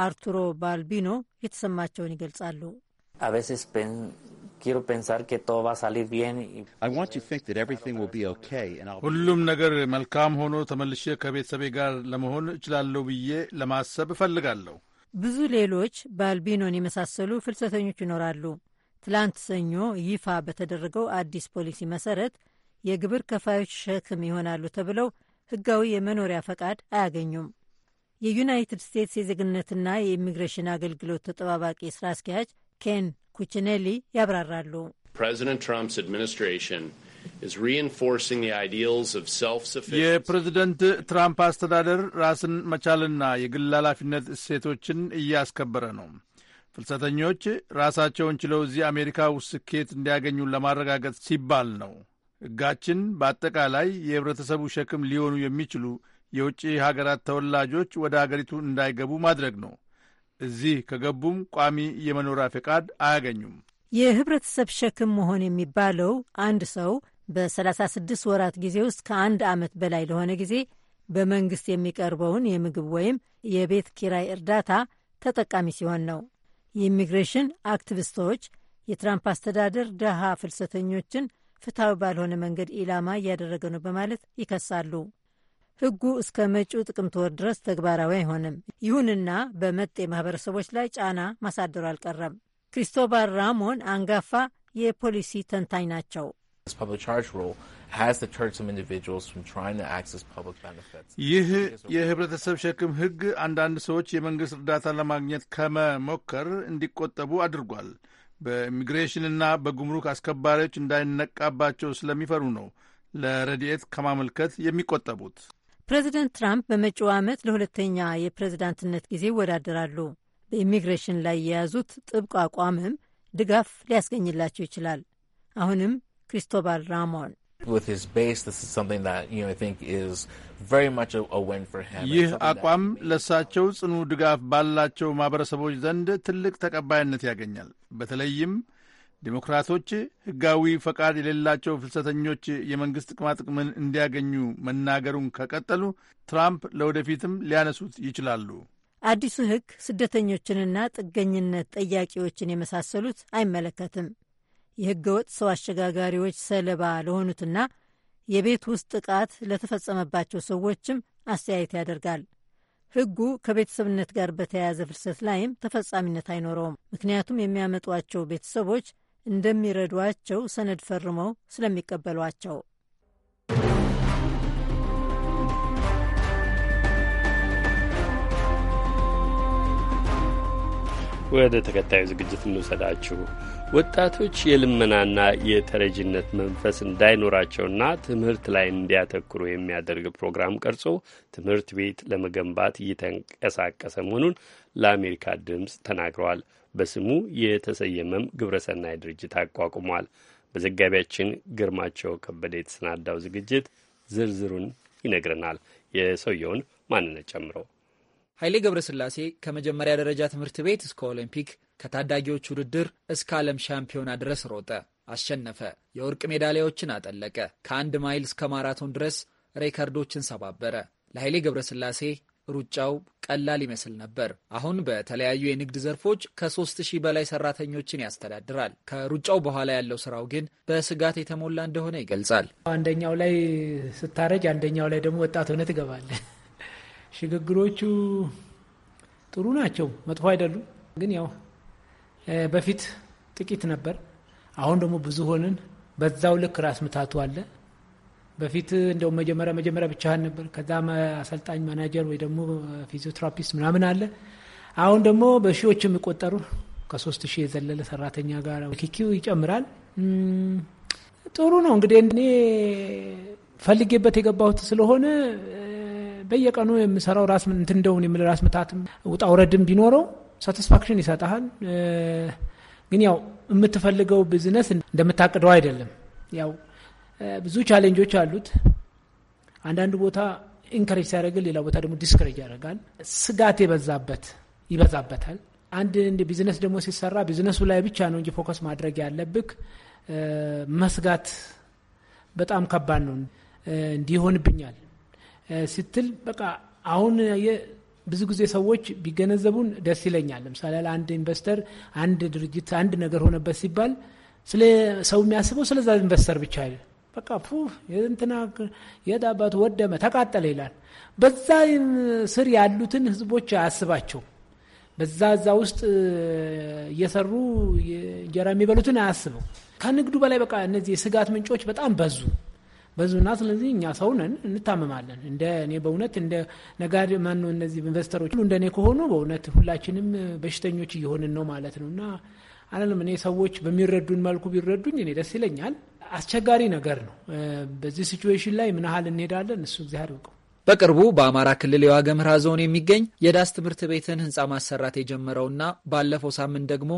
አርቱሮ ባልቢኖ የተሰማቸውን ይገልጻሉ። quiero pensar que todo va a salir bien. ሁሉም ነገር መልካም ሆኖ ተመልሼ ከቤተሰቤ ጋር ለመሆን እችላለሁ ብዬ ለማሰብ እፈልጋለሁ። ብዙ ሌሎች በአልቢኖን የመሳሰሉ ፍልሰተኞች ይኖራሉ። ትላንት ሰኞ ይፋ በተደረገው አዲስ ፖሊሲ መሰረት የግብር ከፋዮች ሸክም ይሆናሉ ተብለው ሕጋዊ የመኖሪያ ፈቃድ አያገኙም። የዩናይትድ ስቴትስ የዜግነትና የኢሚግሬሽን አገልግሎት ተጠባባቂ ስራ አስኪያጅ ኬን ኩችኔሊ ያብራራሉ። ፕሬዚደንት ትራምፕስ አድሚኒስትሬሽን የፕሬዝደንት ትራምፕ አስተዳደር ራስን መቻልና የግል ኃላፊነት እሴቶችን እያስከበረ ነው። ፍልሰተኞች ራሳቸውን ችለው እዚህ አሜሪካ ውስጥ ስኬት እንዲያገኙ ለማረጋገጥ ሲባል ነው። ሕጋችን በአጠቃላይ የህብረተሰቡ ሸክም ሊሆኑ የሚችሉ የውጭ ሀገራት ተወላጆች ወደ አገሪቱ እንዳይገቡ ማድረግ ነው። እዚህ ከገቡም ቋሚ የመኖሪያ ፈቃድ አያገኙም። የህብረተሰብ ሸክም መሆን የሚባለው አንድ ሰው በ36 ወራት ጊዜ ውስጥ ከአንድ ዓመት በላይ ለሆነ ጊዜ በመንግስት የሚቀርበውን የምግብ ወይም የቤት ኪራይ እርዳታ ተጠቃሚ ሲሆን ነው። የኢሚግሬሽን አክቲቪስቶች የትራምፕ አስተዳደር ደሃ ፍልሰተኞችን ፍትሐዊ ባልሆነ መንገድ ኢላማ እያደረገ ነው በማለት ይከሳሉ። ህጉ እስከ መጪው ጥቅምት ወር ድረስ ተግባራዊ አይሆንም። ይሁንና በመጤ ማህበረሰቦች ላይ ጫና ማሳደሩ አልቀረም። ክሪስቶባር ራሞን አንጋፋ የፖሊሲ ተንታኝ ናቸው። ይህ የህብረተሰብ ሸክም ህግ አንዳንድ ሰዎች የመንግሥት እርዳታ ለማግኘት ከመሞከር እንዲቆጠቡ አድርጓል። በኢሚግሬሽንና በጉምሩክ አስከባሪዎች እንዳይነቃባቸው ስለሚፈሩ ነው ለረድኤት ከማመልከት የሚቆጠቡት። ፕሬዚደንት ትራምፕ በመጪው ዓመት ለሁለተኛ የፕሬዝዳንትነት ጊዜ ይወዳደራሉ። በኢሚግሬሽን ላይ የያዙት ጥብቅ አቋምም ድጋፍ ሊያስገኝላቸው ይችላል። አሁንም ክሪስቶባል ራሞን ይህ አቋም ለሳቸው ጽኑ ድጋፍ ባላቸው ማህበረሰቦች ዘንድ ትልቅ ተቀባይነት ያገኛል። በተለይም ዴሞክራቶች ሕጋዊ ፈቃድ የሌላቸው ፍልሰተኞች የመንግሥት ጥቅማጥቅምን እንዲያገኙ መናገሩን ከቀጠሉ ትራምፕ ለወደፊትም ሊያነሱት ይችላሉ። አዲሱ ሕግ ስደተኞችንና ጥገኝነት ጠያቂዎችን የመሳሰሉት አይመለከትም። ወጥ ሰው አሸጋጋሪዎች ሰለባ ለሆኑትና የቤት ውስጥ ጥቃት ለተፈጸመባቸው ሰዎችም አስተያየት ያደርጋል። ሕጉ ከቤተሰብነት ጋር በተያያዘ ፍልሰት ላይም ተፈጻሚነት አይኖረውም። ምክንያቱም የሚያመጧቸው ቤተሰቦች እንደሚረዷቸው ሰነድ ፈርመው ስለሚቀበሏቸው ወደ ተከታዩ ዝግጅት እንውሰዳችሁ። ወጣቶች የልመናና የተረጅነት መንፈስ እንዳይኖራቸውና ትምህርት ላይ እንዲያተኩሩ የሚያደርግ ፕሮግራም ቀርጾ ትምህርት ቤት ለመገንባት እየተንቀሳቀሰ መሆኑን ለአሜሪካ ድምፅ ተናግረዋል። በስሙ የተሰየመም ግብረሰናይ ድርጅት አቋቁሟል። በዘጋቢያችን ግርማቸው ከበደ የተሰናዳው ዝግጅት ዝርዝሩን ይነግረናል፣ የሰውየውን ማንነት ጨምሮ። ኃይሌ ገብረስላሴ ከመጀመሪያ ደረጃ ትምህርት ቤት እስከ ኦሎምፒክ ከታዳጊዎች ውድድር እስከ ዓለም ሻምፒዮና ድረስ ሮጠ፣ አሸነፈ፣ የወርቅ ሜዳሊያዎችን አጠለቀ። ከአንድ ማይል እስከ ማራቶን ድረስ ሬከርዶችን ሰባበረ። ለኃይሌ ገብረስላሴ ሩጫው ቀላል ይመስል ነበር። አሁን በተለያዩ የንግድ ዘርፎች ከሶስት ሺህ በላይ ሰራተኞችን ያስተዳድራል። ከሩጫው በኋላ ያለው ስራው ግን በስጋት የተሞላ እንደሆነ ይገልጻል። አንደኛው ላይ ስታረጅ፣ አንደኛው ላይ ደግሞ ወጣት ሆነ ትገባለህ። ሽግግሮቹ ጥሩ ናቸው፣ መጥፎ አይደሉም። ግን ያው በፊት ጥቂት ነበር፣ አሁን ደግሞ ብዙ ሆንን። በዛው ልክ ራስ ምታቱ አለ። በፊት እንደውም መጀመሪያ መጀመሪያ ብቻህን ነበር። ከዛ አሰልጣኝ፣ ማናጀር ወይ ደግሞ ፊዚዮትራፒስት ምናምን አለ። አሁን ደግሞ በሺዎች የሚቆጠሩ ከሶስት ሺህ የዘለለ ሰራተኛ ጋር ኪኪው ይጨምራል። ጥሩ ነው እንግዲህ እኔ ፈልጌበት የገባሁት ስለሆነ በየቀኑ የምሰራው ራስ እንትን እንደውን የምል ራስ ምታትም ውጣ ውረድም ቢኖረው ሳቲስፋክሽን ይሰጠሃል። ግን ያው የምትፈልገው ቢዝነስ እንደምታቅደው አይደለም ያው ብዙ ቻሌንጆች አሉት። አንዳንድ ቦታ ኢንከሬጅ ሲያደርግን፣ ሌላ ቦታ ደግሞ ዲስከሬጅ ያደርጋል። ስጋት የበዛበት ይበዛበታል። አንድ ቢዝነስ ደግሞ ሲሰራ ቢዝነሱ ላይ ብቻ ነው እንጂ ፎከስ ማድረግ ያለብክ መስጋት በጣም ከባድ ነው። እንዲሆንብኛል ስትል በቃ አሁን ብዙ ጊዜ ሰዎች ቢገነዘቡን ደስ ይለኛል። ለምሳሌ ለአንድ ኢንቨስተር አንድ ድርጅት አንድ ነገር ሆነበት ሲባል ስለ ሰው የሚያስበው ስለዛ ኢንቨስተር ብቻ በቃ ፉ የእንትና የት አባቱ ወደመ ተቃጠለ ይላል። በዛ ስር ያሉትን ህዝቦች አያስባቸው በዛ እዛ ውስጥ እየሰሩ እንጀራ የሚበሉትን አያስበው። ከንግዱ በላይ በቃ እነዚህ የስጋት ምንጮች በጣም በዙ በዙና ስለዚህ እኛ ሰው ነን እንታመማለን። እንደ እኔ በእውነት እንደ ነጋዴ ማነው እነዚህ ኢንቨስተሮች ሁሉ እንደ እኔ ከሆኑ በእውነት ሁላችንም በሽተኞች እየሆንን ነው ማለት ነው። እና አለም እኔ ሰዎች በሚረዱን መልኩ ቢረዱኝ እኔ ደስ ይለኛል። አስቸጋሪ ነገር ነው። በዚህ ሲዌሽን ላይ ምን ያህል እንሄዳለን እሱ እግዚአብሔር ይውቀው። በቅርቡ በአማራ ክልል የዋገምራ ዞን የሚገኝ የዳስ ትምህርት ቤትን ህንፃ ማሰራት የጀመረውና ባለፈው ሳምንት ደግሞ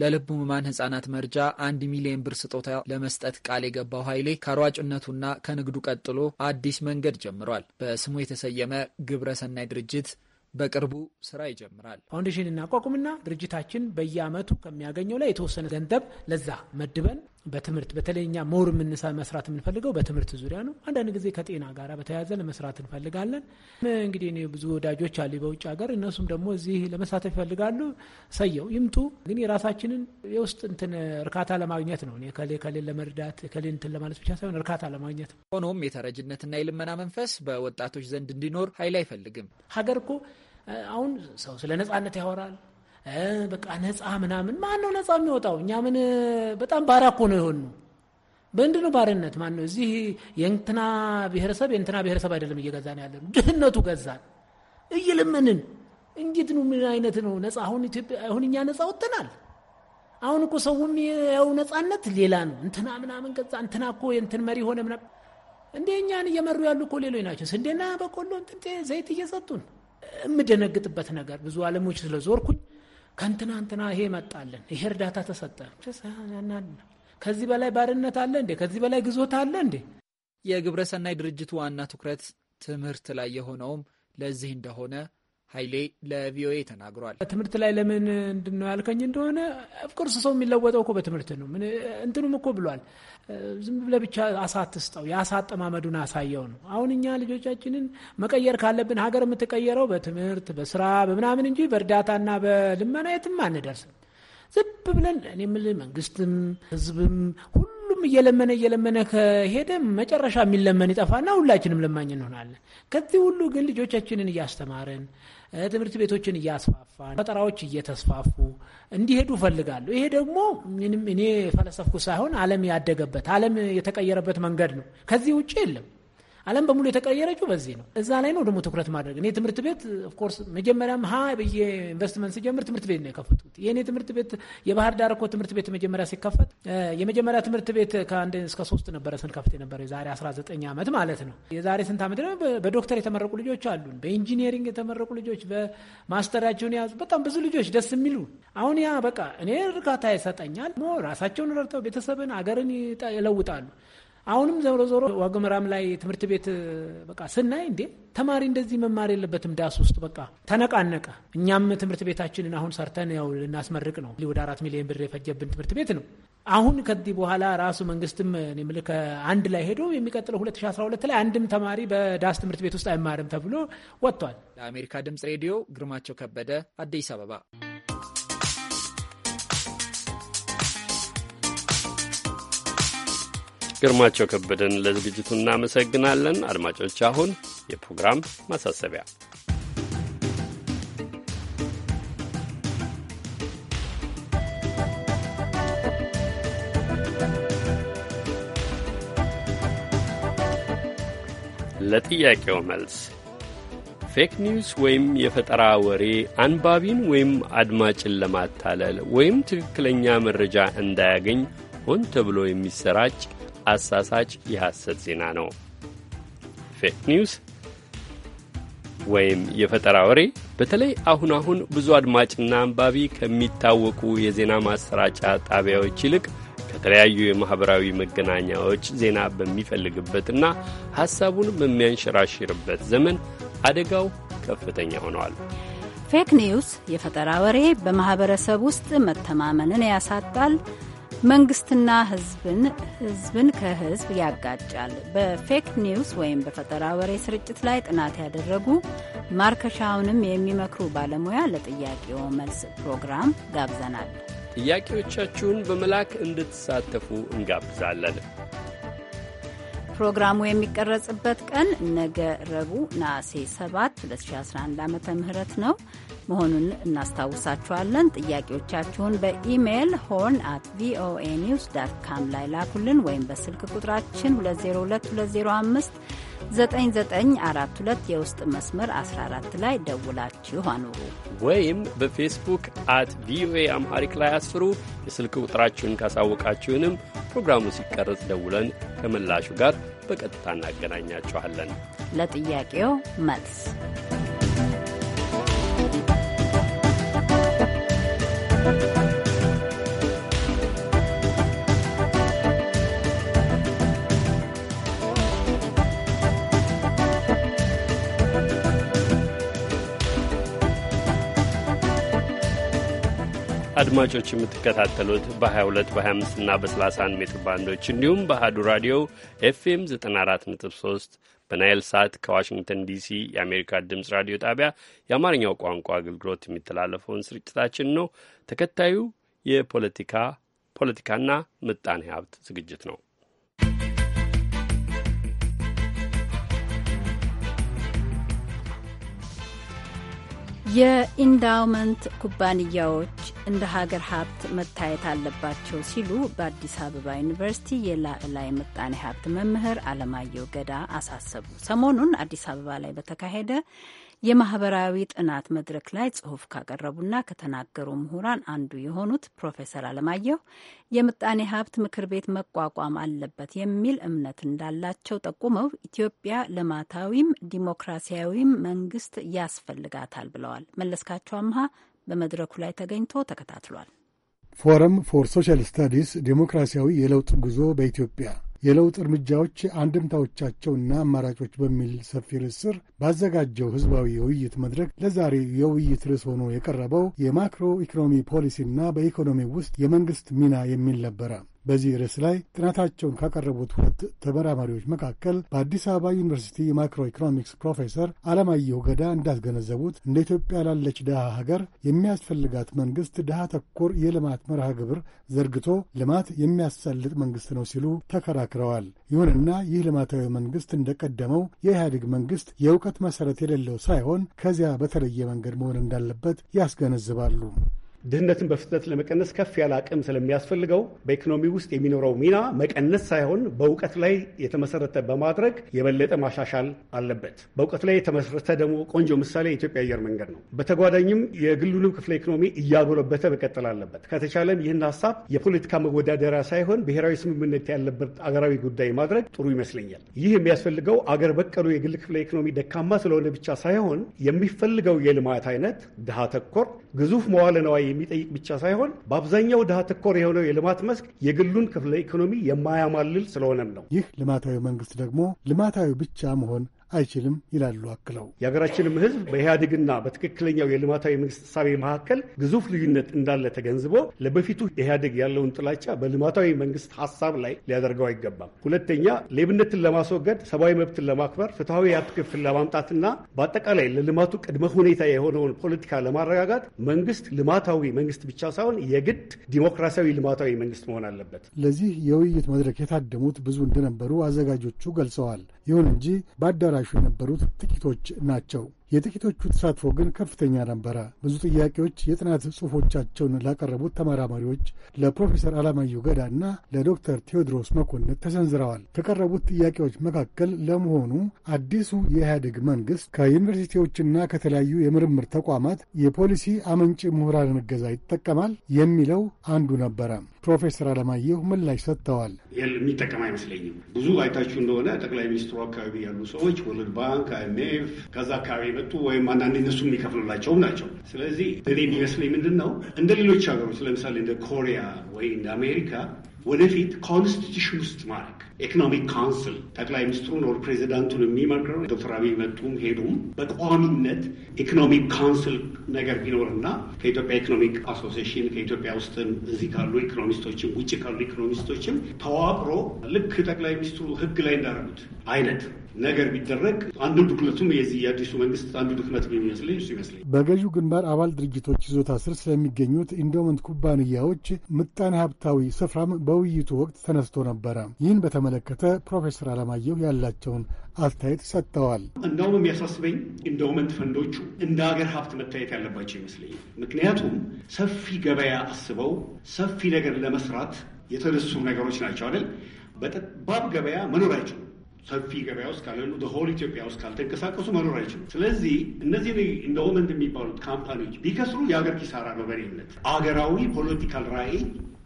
ለልቡ ህሙማን ህጻናት መርጃ አንድ ሚሊዮን ብር ስጦታ ለመስጠት ቃል የገባው ኃይሌ ከሯጭነቱና ከንግዱ ቀጥሎ አዲስ መንገድ ጀምሯል። በስሙ የተሰየመ ግብረ ሰናይ ድርጅት በቅርቡ ስራ ይጀምራል። ፋውንዴሽን እናቋቁምና ድርጅታችን በየአመቱ ከሚያገኘው ላይ የተወሰነ ገንዘብ ለዛ መድበን በትምህርት በተለይ እኛ ሞር መስራት የምንፈልገው በትምህርት ዙሪያ ነው። አንዳንድ ጊዜ ከጤና ጋር በተያያዘ ለመስራት እንፈልጋለን። እንግዲህ እኔ ብዙ ወዳጆች አሉ በውጭ ሀገር፣ እነሱም ደግሞ እዚህ ለመሳተፍ ይፈልጋሉ። ሰየው ይምጡ። ግን የራሳችንን የውስጥ እንትን እርካታ ለማግኘት ነው። ከሌ ከሌን ለመርዳት ከሌ እንትን ለማለት ብቻ ሳይሆን እርካታ ለማግኘት ነው። ሆኖም የተረጅነትና የልመና መንፈስ በወጣቶች ዘንድ እንዲኖር ኃይል አይፈልግም። ሀገር እኮ አሁን ሰው ስለ ነጻነት ያወራል በቃ ነፃ ምናምን ማን ነው ነፃ የሚወጣው? እኛ ምን በጣም ባሪያ እኮ ነው የሆኑ። ምንድን ነው ባርነት? ማን ነው እዚህ የእንትና ብሔረሰብ የእንትና ብሔረሰብ አይደለም እየገዛ ነው ያለ ድህነቱ ገዛን እይልምንን እንዴት ነው? ምን አይነት ነው ነፃ? አሁን ኢትዮጵያ አሁን እኛ ነፃ ወጥተናል። አሁን እኮ ሰውም ያው ነፃነት ሌላ ነው። እንትና ምናምን ገዛ እንትና እኮ የእንትን መሪ ሆነ ምና እንደ እኛን እየመሩ ያሉ እኮ ሌሎች ናቸው። ስንዴና በቆሎ ዘይት እየሰጡን የምደነግጥበት ነገር ብዙ አለሞች ስለዞርኩኝ ከእንትና እንትና ይሄ መጣለን፣ ይሄ እርዳታ ተሰጠ። ከዚህ በላይ ባርነት አለ እንዴ? ከዚህ በላይ ግዞት አለ እንዴ? የግብረ ሰናይ ድርጅቱ ዋና ትኩረት ትምህርት ላይ የሆነውም ለዚህ እንደሆነ ኃይሌ ለቪኦኤ ተናግሯል። ትምህርት ላይ ለምን እንድን ነው ያልከኝ እንደሆነ ኦፍኮርስ ሰው የሚለወጠው እኮ በትምህርት ነው። እንትኑም እኮ ብሏል። ዝም ብለህ ብቻ አሳ አትስጠው፣ የአሳ አጠማመዱን አሳየው ነው። አሁን እኛ ልጆቻችንን መቀየር ካለብን ሀገር የምትቀየረው በትምህርት በስራ በምናምን እንጂ በእርዳታና በልመና የትም አንደርስም። ዝብ ብለን እኔ የምልህ መንግስትም ህዝብም ሁሉም እየለመነ እየለመነ ከሄደ መጨረሻ የሚለመን ይጠፋና ሁላችንም ለማኝ እንሆናለን። ከዚህ ሁሉ ግን ልጆቻችንን እያስተማርን ትምህርት ቤቶችን እያስፋፋን ፈጠራዎች እየተስፋፉ እንዲሄዱ እፈልጋለሁ። ይሄ ደግሞ እኔ ፈለሰፍኩ ሳይሆን ዓለም ያደገበት ዓለም የተቀየረበት መንገድ ነው። ከዚህ ውጭ የለም። ዓለም በሙሉ የተቀየረችው በዚህ ነው። እዛ ላይ ነው ደግሞ ትኩረት ማድረግ። እኔ ትምህርት ቤት ኦፍኮርስ መጀመሪያም ሀ ብዬ ኢንቨስትመንት ስጀምር ትምህርት ቤት ነው የከፈቱት። የእኔ ትምህርት ቤት የባህር ዳር እኮ ትምህርት ቤት መጀመሪያ ሲከፈት የመጀመሪያ ትምህርት ቤት ከአንድ እስከ ሶስት ነበረ ስንከፍት የነበረ የዛሬ 19 ዓመት ማለት ነው። የዛሬ ስንት ዓመት ነው? በዶክተር የተመረቁ ልጆች አሉን፣ በኢንጂኒሪንግ የተመረቁ ልጆች፣ በማስተራቸውን የያዙ በጣም ብዙ ልጆች ደስ የሚሉ አሁን ያ በቃ እኔ እርካታ ይሰጠኛል። ሞ ራሳቸውን ረድተው ቤተሰብን አገርን ይለውጣሉ። አሁንም ዞሮ ዞሮ ዋግምራም ላይ ትምህርት ቤት በቃ ስናይ እንዴ ተማሪ እንደዚህ መማር የለበትም። ዳስ ውስጥ በቃ ተነቃነቀ። እኛም ትምህርት ቤታችንን አሁን ሰርተን ያው ልናስመርቅ ነው። ወደ አራት ሚሊዮን ብር የፈጀብን ትምህርት ቤት ነው። አሁን ከዚህ በኋላ ራሱ መንግስትም ምልክ አንድ ላይ ሄዶ የሚቀጥለው 2012 ላይ አንድም ተማሪ በዳስ ትምህርት ቤት ውስጥ አይማርም ተብሎ ወጥቷል። ለአሜሪካ ድምፅ ሬዲዮ ግርማቸው ከበደ አዲስ አበባ ግርማቸው ከበደን ለዝግጅቱ እናመሰግናለን። አድማጮች፣ አሁን የፕሮግራም ማሳሰቢያ ለጥያቄው መልስ ፌክ ኒውስ ወይም የፈጠራ ወሬ አንባቢን ወይም አድማጭን ለማታለል ወይም ትክክለኛ መረጃ እንዳያገኝ ሆን ተብሎ የሚሰራጭ አሳሳች የሐሰት ዜና ነው። ፌክ ኒውስ ወይም የፈጠራ ወሬ በተለይ አሁን አሁን ብዙ አድማጭና አንባቢ ከሚታወቁ የዜና ማሰራጫ ጣቢያዎች ይልቅ ከተለያዩ የማኅበራዊ መገናኛዎች ዜና በሚፈልግበትና ሐሳቡን በሚያንሸራሽርበት ዘመን አደጋው ከፍተኛ ሆነዋል። ፌክ ኒውስ የፈጠራ ወሬ በማኅበረሰብ ውስጥ መተማመንን ያሳጣል። መንግስትና ህዝብን ህዝብን ከህዝብ ያጋጫል። በፌክ ኒውስ ወይም በፈጠራ ወሬ ስርጭት ላይ ጥናት ያደረጉ ማርከሻውንም የሚመክሩ ባለሙያ ለጥያቄው መልስ ፕሮግራም ጋብዘናል። ጥያቄዎቻችሁን በመላክ እንድትሳተፉ እንጋብዛለን። ፕሮግራሙ የሚቀረጽበት ቀን ነገ ረቡዕ ነሐሴ 7 2011 ዓ ም ነው። መሆኑን እናስታውሳችኋለን። ጥያቄዎቻችሁን በኢሜይል ሆርን አት ቪኦኤ ኒውስ ዳት ካም ላይ ላኩልን ወይም በስልክ ቁጥራችን 202205 9942 የውስጥ መስመር 14 ላይ ደውላችሁ አኑሩ ወይም በፌስቡክ አት ቪኦኤ አምሃሪክ ላይ አስፍሩ። የስልክ ቁጥራችሁን ካሳወቃችሁንም ፕሮግራሙ ሲቀረጽ ደውለን ከምላሹ ጋር በቀጥታ እናገናኛችኋለን። ለጥያቄው መልስ አድማጮች የምትከታተሉት በ22 በ25 እና በ31 ሜትር ባንዶች እንዲሁም በአሀዱ ራዲዮ ኤፍኤም 94.3 በናይል ሳት ከዋሽንግተን ዲሲ የአሜሪካ ድምፅ ራዲዮ ጣቢያ የአማርኛው ቋንቋ አገልግሎት የሚተላለፈውን ስርጭታችን ነው። ተከታዩ የፖለቲካ ፖለቲካና ምጣኔ ሀብት ዝግጅት ነው። የኢንዳውመንት ኩባንያዎች እንደ ሀገር ሀብት መታየት አለባቸው ሲሉ በአዲስ አበባ ዩኒቨርሲቲ የላዕላይ ምጣኔ ሀብት መምህር አለማየሁ ገዳ አሳሰቡ። ሰሞኑን አዲስ አበባ ላይ በተካሄደ የማህበራዊ ጥናት መድረክ ላይ ጽሁፍ ካቀረቡና ከተናገሩ ምሁራን አንዱ የሆኑት ፕሮፌሰር አለማየሁ የምጣኔ ሀብት ምክር ቤት መቋቋም አለበት የሚል እምነት እንዳላቸው ጠቁመው ኢትዮጵያ ልማታዊም ዲሞክራሲያዊም መንግስት ያስፈልጋታል ብለዋል። መለስካቸው አምሃ በመድረኩ ላይ ተገኝቶ ተከታትሏል። ፎረም ፎር ሶሻል ስታዲስ ዴሞክራሲያዊ የለውጥ ጉዞ በኢትዮጵያ የለውጥ እርምጃዎች አንድምታዎቻቸውና አማራጮች በሚል ሰፊ ርዕስ ስር ባዘጋጀው ህዝባዊ የውይይት መድረክ ለዛሬ የውይይት ርዕስ ሆኖ የቀረበው የማክሮ ኢኮኖሚ ፖሊሲና በኢኮኖሚ ውስጥ የመንግስት ሚና የሚል ነበረ። በዚህ ርዕስ ላይ ጥናታቸውን ካቀረቡት ሁለት ተመራማሪዎች መካከል በአዲስ አበባ ዩኒቨርሲቲ የማክሮ ኢኮኖሚክስ ፕሮፌሰር አለማየሁ ገዳ እንዳስገነዘቡት እንደ ኢትዮጵያ ላለች ድሃ ሀገር የሚያስፈልጋት መንግስት ድሃ ተኮር የልማት መርሃ ግብር ዘርግቶ ልማት የሚያሳልጥ መንግስት ነው ሲሉ ተከራክረዋል። ይሁንና ይህ ልማታዊ መንግስት እንደቀደመው የኢህአዴግ መንግስት የእውቀት መሠረት የሌለው ሳይሆን ከዚያ በተለየ መንገድ መሆን እንዳለበት ያስገነዝባሉ። ድህነትን በፍጥነት ለመቀነስ ከፍ ያለ አቅም ስለሚያስፈልገው በኢኮኖሚ ውስጥ የሚኖረው ሚና መቀነስ ሳይሆን በእውቀት ላይ የተመሰረተ በማድረግ የበለጠ ማሻሻል አለበት። በእውቀት ላይ የተመሰረተ ደግሞ ቆንጆ ምሳሌ የኢትዮጵያ አየር መንገድ ነው። በተጓዳኝም የግሉንም ክፍለ ኢኮኖሚ እያጎለበተ መቀጠል አለበት። ከተቻለም ይህን ሀሳብ የፖለቲካ መወዳደሪያ ሳይሆን ብሔራዊ ስምምነት ያለበት አገራዊ ጉዳይ ማድረግ ጥሩ ይመስለኛል። ይህ የሚያስፈልገው አገር በቀሉ የግል ክፍለ ኢኮኖሚ ደካማ ስለሆነ ብቻ ሳይሆን የሚፈልገው የልማት አይነት ድሃ ተኮር ግዙፍ መዋለ ነዋይ የሚጠይቅ ብቻ ሳይሆን በአብዛኛው ድሃ ተኮር የሆነው የልማት መስክ የግሉን ክፍለ ኢኮኖሚ የማያማልል ስለሆነም ነው። ይህ ልማታዊ መንግስት ደግሞ ልማታዊ ብቻ መሆን አይችልም ይላሉ አክለው። የሀገራችንም ህዝብ በኢህአዴግና በትክክለኛው የልማታዊ መንግስት እሳቤ መካከል ግዙፍ ልዩነት እንዳለ ተገንዝቦ ለበፊቱ ኢህአዴግ ያለውን ጥላቻ በልማታዊ መንግስት ሀሳብ ላይ ሊያደርገው አይገባም። ሁለተኛ ሌብነትን ለማስወገድ፣ ሰብአዊ መብትን ለማክበር፣ ፍትሐዊ አትክፍል ለማምጣትና በአጠቃላይ ለልማቱ ቅድመ ሁኔታ የሆነውን ፖለቲካ ለማረጋጋት መንግስት ልማታዊ መንግስት ብቻ ሳይሆን የግድ ዲሞክራሲያዊ ልማታዊ መንግስት መሆን አለበት። ለዚህ የውይይት መድረክ የታደሙት ብዙ እንደነበሩ አዘጋጆቹ ገልጸዋል። ይሁን እንጂ በአዳራ ተበላሹ የነበሩት ጥቂቶች ናቸው። የጥቂቶቹ ተሳትፎ ግን ከፍተኛ ነበረ። ብዙ ጥያቄዎች የጥናት ጽሑፎቻቸውን ላቀረቡት ተመራማሪዎች ለፕሮፌሰር አላማዩ ገዳ እና ለዶክተር ቴዎድሮስ መኮንን ተሰንዝረዋል። ከቀረቡት ጥያቄዎች መካከል ለመሆኑ አዲሱ የኢህአዴግ መንግስት ከዩኒቨርሲቲዎችና ከተለያዩ የምርምር ተቋማት የፖሊሲ አመንጭ ምሁራንን እገዛ ይጠቀማል የሚለው አንዱ ነበረ። ፕሮፌሰር አለማየሁ ምላሽ ሰጥተዋል። የሚጠቀም አይመስለኝም። ብዙ አይታችሁ እንደሆነ ጠቅላይ ሚኒስትሩ አካባቢ ያሉ ሰዎች ወርልድ ባንክ፣ አይኤምኤፍ ከዛ አካባቢ የመጡ ወይም አንዳንድ እነሱ የሚከፍሉላቸውም ናቸው። ስለዚህ እኔ የሚመስለኝ ምንድን ነው እንደ ሌሎች ሀገሮች ለምሳሌ እንደ ኮሪያ ወይ እንደ አሜሪካ ወደፊት ኮንስቲቱሽን ውስጥ ማድረግ ኢኮኖሚክ ካውንስል ጠቅላይ ሚኒስትሩን ወር ፕሬዚዳንቱን የሚመክረው ዶክተር አብይ መጡም ሄዱም በቋሚነት ኢኮኖሚክ ካውንስል ነገር ቢኖርና ከኢትዮጵያ ኢኮኖሚክ አሶሲሽን ከኢትዮጵያ ውስጥም እዚህ ካሉ ኢኮኖሚስቶችም ውጭ ካሉ ኢኮኖሚስቶችም ተዋቅሮ ልክ ጠቅላይ ሚኒስትሩ ሕግ ላይ እንዳደረጉት አይነት ነገር ቢደረግ አንዱ ድክመቱም የዚህ የአዲሱ መንግስት አንዱ ድክመት የሚመስለኝ እሱ ይመስለኝ። በገዢው ግንባር አባል ድርጅቶች ይዞታ ስር ስለሚገኙት ኢንዶመንት ኩባንያዎች ምጣኔ ሀብታዊ ስፍራም በውይይቱ ወቅት ተነስቶ ነበረ። ይህን በተመለከተ ፕሮፌሰር አለማየሁ ያላቸውን አስተያየት ሰጥተዋል። እንደውም የሚያሳስበኝ ኢንዶመንት ፈንዶቹ እንደ ሀገር ሀብት መታየት ያለባቸው ይመስለኛል። ምክንያቱም ሰፊ ገበያ አስበው ሰፊ ነገር ለመስራት የተነሱ ነገሮች ናቸው አይደል? በጠባብ ገበያ መኖር አይችሉም። ሰፊ ገበያ ውስጥ ካልሆኑ ሆል ኢትዮጵያ ውስጥ ካልተንቀሳቀሱ መኖር አይችሉም። ስለዚህ እነዚህ ኢንዶመንት የሚባሉት ካምፓኒዎች ቢከስሩ የሀገር ኪሳራ ነው። በሬነት አገራዊ ፖለቲካል ራዕይ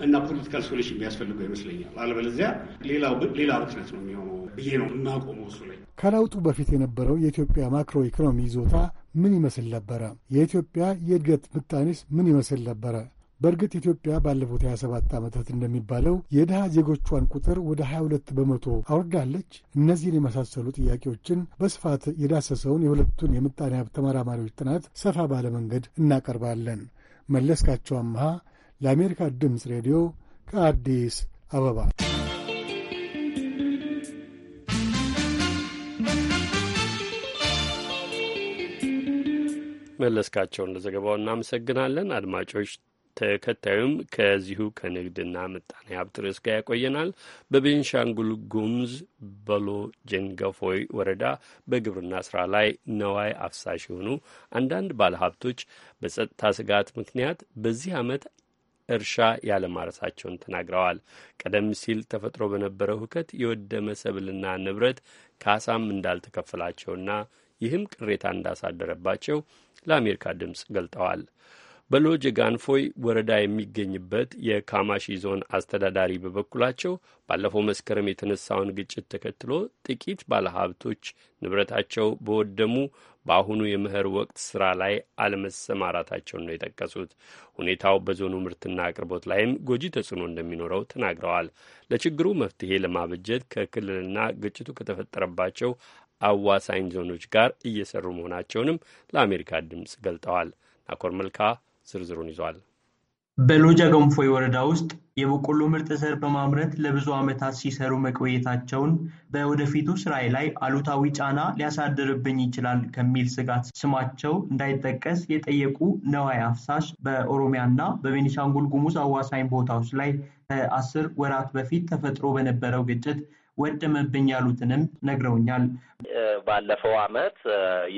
እና ፖለቲካል ሶሉሽን የሚያስፈልገው ይመስለኛል። አለበለዚያ ሌላ ብክነት ነው የሚሆነው ብዬ ነው እናቆመው እሱ ላይ ከለውጡ በፊት የነበረው የኢትዮጵያ ማክሮ ኢኮኖሚ ይዞታ ምን ይመስል ነበረ? የኢትዮጵያ የእድገት ምጣኔስ ምን ይመስል ነበረ? በእርግጥ ኢትዮጵያ ባለፉት 27 ዓመታት እንደሚባለው የድሃ ዜጎቿን ቁጥር ወደ 22 በመቶ አውርዳለች። እነዚህን የመሳሰሉ ጥያቄዎችን በስፋት የዳሰሰውን የሁለቱን የምጣኔ ሀብት ተመራማሪዎች ጥናት ሰፋ ባለ መንገድ እናቀርባለን። መለስካቸው አምሃ ለአሜሪካ ድምፅ ሬዲዮ ከአዲስ አበባ መለስካቸው ለዘገባው እናመሰግናለን። አድማጮች ተከታዩም ከዚሁ ከንግድና ምጣኔ ሀብት ርዕስ ጋር ያቆየናል። በቤንሻንጉል ጉምዝ በሎ ጀንገፎይ ወረዳ በግብርና ስራ ላይ ነዋይ አፍሳሽ የሆኑ አንዳንድ ባለሀብቶች በጸጥታ ስጋት ምክንያት በዚህ ዓመት እርሻ ያለማረሳቸውን ተናግረዋል። ቀደም ሲል ተፈጥሮ በነበረው ሁከት የወደመ ሰብልና ንብረት ካሳም እንዳልተከፈላቸውና ይህም ቅሬታ እንዳሳደረባቸው ለአሜሪካ ድምፅ ገልጠዋል። በሎጅ ጋንፎይ ወረዳ የሚገኝበት የካማሺ ዞን አስተዳዳሪ በበኩላቸው ባለፈው መስከረም የተነሳውን ግጭት ተከትሎ ጥቂት ባለሀብቶች ንብረታቸው በወደሙ በአሁኑ የመኸር ወቅት ስራ ላይ አለመሰማራታቸውን ነው የጠቀሱት። ሁኔታው በዞኑ ምርትና አቅርቦት ላይም ጎጂ ተጽዕኖ እንደሚኖረው ተናግረዋል። ለችግሩ መፍትሄ ለማበጀት ከክልልና ግጭቱ ከተፈጠረባቸው አዋሳኝ ዞኖች ጋር እየሰሩ መሆናቸውንም ለአሜሪካ ድምፅ ገልጠዋል። ናኮር መልካ ዝርዝሩን ይዟል። በሎጃ ገንፎይ ወረዳ ውስጥ የበቆሎ ምርጥ ዘር በማምረት ለብዙ ዓመታት ሲሰሩ መቆየታቸውን በወደፊቱ ስራዬ ላይ አሉታዊ ጫና ሊያሳድርብኝ ይችላል ከሚል ስጋት ስማቸው እንዳይጠቀስ የጠየቁ ነዋይ አፍሳሽ በኦሮሚያና በቤኒሻንጉል ጉሙዝ አዋሳኝ ቦታዎች ላይ ከአስር ወራት በፊት ተፈጥሮ በነበረው ግጭት ወደመብኝ ያሉትንም ነግረውኛል። ባለፈው አመት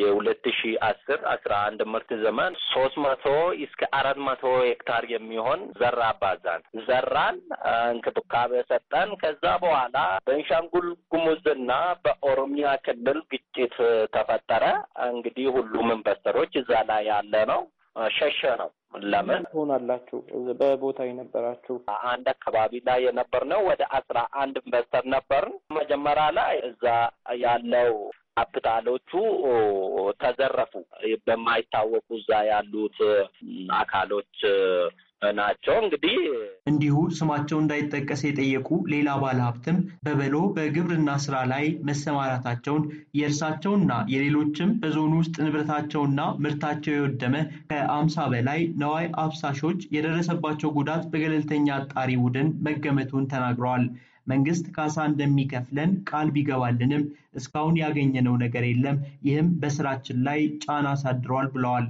የሁለት ሺ አስር አስራ አንድ ምርት ዘመን ሶስት መቶ እስከ አራት መቶ ሄክታር የሚሆን ዘራ አባዛን ዘራን እንክብካቤ ሰጠን። ከዛ በኋላ በቤንሻንጉል ጉሙዝና በኦሮሚያ ክልል ግጭት ተፈጠረ። እንግዲህ ሁሉም ኢንቨስተሮች እዛ ላይ ያለ ነው ሸሸ ነው ለምን ትሆናላችሁ? በቦታ የነበራችሁ አንድ አካባቢ ላይ የነበርነው ወደ አስራ አንድ ኢንቨስተር ነበርን። መጀመሪያ ላይ እዛ ያለው ካፒታሎቹ ተዘረፉ። በማይታወቁ እዛ ያሉት አካሎች ናቸው። እንግዲህ እንዲሁ ስማቸው እንዳይጠቀስ የጠየቁ ሌላ ባለሀብትም በበሎ በግብርና ስራ ላይ መሰማራታቸውን የእርሳቸውና የሌሎችም በዞኑ ውስጥ ንብረታቸውና ምርታቸው የወደመ ከአምሳ በላይ ነዋይ አፍሳሾች የደረሰባቸው ጉዳት በገለልተኛ አጣሪ ቡድን መገመቱን ተናግረዋል። መንግስት ካሳ እንደሚከፍለን ቃል ቢገባልንም እስካሁን ያገኘነው ነገር የለም። ይህም በስራችን ላይ ጫና አሳድሯል ብለዋል።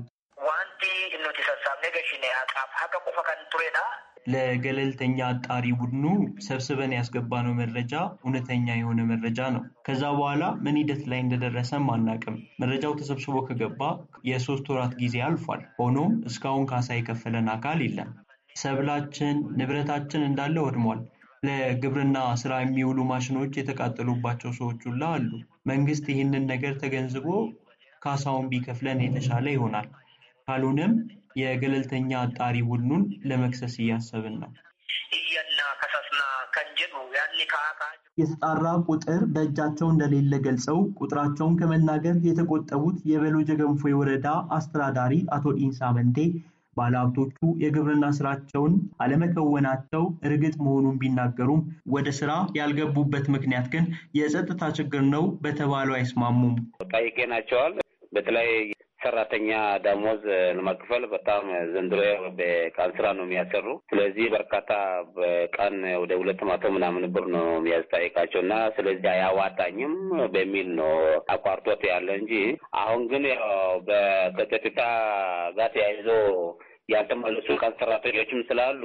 ለገለልተኛ አጣሪ ቡድኑ ሰብስበን ያስገባነው መረጃ እውነተኛ የሆነ መረጃ ነው። ከዛ በኋላ ምን ሂደት ላይ እንደደረሰም አናቅም። መረጃው ተሰብስቦ ከገባ የሶስት ወራት ጊዜ አልፏል። ሆኖም እስካሁን ካሳ የከፈለን አካል የለም። ሰብላችን፣ ንብረታችን እንዳለ ወድሟል። ለግብርና ስራ የሚውሉ ማሽኖች የተቃጠሉባቸው ሰዎች ሁላ አሉ። መንግስት ይህንን ነገር ተገንዝቦ ካሳውን ቢከፍለን የተሻለ ይሆናል። ካልሆነም የገለልተኛ አጣሪ ቡድኑን ለመክሰስ እያሰብን ነው። የተጣራ ቁጥር በእጃቸው እንደሌለ ገልጸው ቁጥራቸውን ከመናገር የተቆጠቡት የበሎጀ ገንፎ የወረዳ አስተዳዳሪ አቶ ዲንሳ መንቴ ባለሀብቶቹ የግብርና ስራቸውን አለመከወናቸው እርግጥ መሆኑን ቢናገሩም ወደ ስራ ያልገቡበት ምክንያት ግን የጸጥታ ችግር ነው በተባለው አይስማሙም። ጠይቄ ናቸዋል። በተለይ ሰራተኛ ደሞዝ ለመክፈል በጣም ዘንድሮ በቀን ስራ ነው የሚያሰሩ። ስለዚህ በርካታ በቀን ወደ ሁለት መቶ ምናምን ብር ነው የሚያስጠይቃቸው እና ስለዚህ አያዋጣኝም በሚል ነው አቋርጦት ያለ እንጂ አሁን ግን ከጸጥታ ጋር ተያይዞ ያልተመለሱ ቀን ሰራተኞችም ስላሉ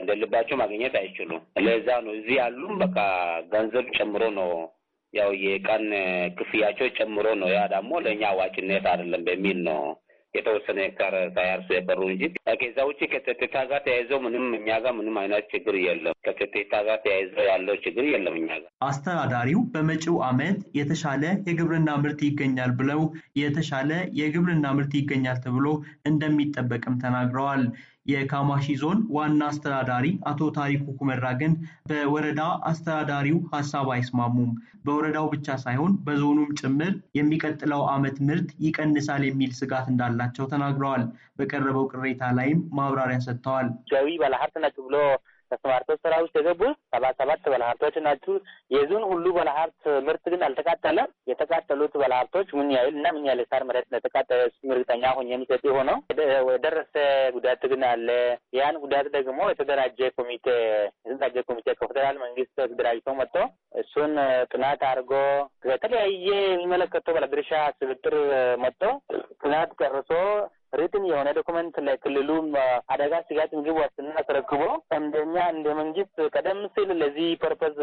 እንደልባቸው ማግኘት አይችሉም። ለዛ ነው እዚህ ያሉም በቃ ገንዘብ ጨምሮ ነው ያው የቀን ክፍያቸው ጨምሮ ነው። ያ ደግሞ ለእኛ አዋጭነት አይደለም በሚል ነው የተወሰነ ሄክታር ሳያርሱ የቀሩ እንጂ ከዛ ውጭ ከጸጥታ ጋር ተያይዘው ምንም እኛ ጋር ምንም አይነት ችግር የለም። ከጸጥታ ጋር ተያይዘው ያለው ችግር የለም እኛ ጋር። አስተዳዳሪው በመጪው ዓመት የተሻለ የግብርና ምርት ይገኛል ብለው የተሻለ የግብርና ምርት ይገኛል ተብሎ እንደሚጠበቅም ተናግረዋል። የካማሺ ዞን ዋና አስተዳዳሪ አቶ ታሪኩ ኩመራ ግን በወረዳ አስተዳዳሪው ሀሳብ አይስማሙም። በወረዳው ብቻ ሳይሆን በዞኑም ጭምር የሚቀጥለው ዓመት ምርት ይቀንሳል የሚል ስጋት እንዳላቸው ተናግረዋል። በቀረበው ቅሬታ ላይም ማብራሪያ ሰጥተዋል። ተሰማርተው ስራ ውስጥ የገቡ ሰባ ሰባት ባለሀብቶች ናችሁ። የዙን ሁሉ ባለሀብት ምርት ግን አልተቃጠለም። የተቃጠሉት ባለሀብቶች ምን ያህል እና ምን ያህል ሳር መሬት እንደተቃጠለ እርግጠኛ ሆኜ የሚሰጥ የሆነው የደረሰ ጉዳት ግን አለ። ያን ጉዳት ደግሞ የተደራጀ ኮሚቴ የተደራጀ ኮሚቴ ከፌደራል መንግስት ተደራጅቶ መጥቶ እሱን ጥናት አድርጎ ከተለያየ የሚመለከተው ባለድርሻ ስብጥር መጥቶ ጥናት ጨርሶ ሪትን የሆነ ዶኩመንት ለክልሉ አደጋ ስጋት ምግብ ዋስትና ተረክቦ እንደኛ እንደ መንግስት ቀደም ሲል ለዚህ ፐርፐዝ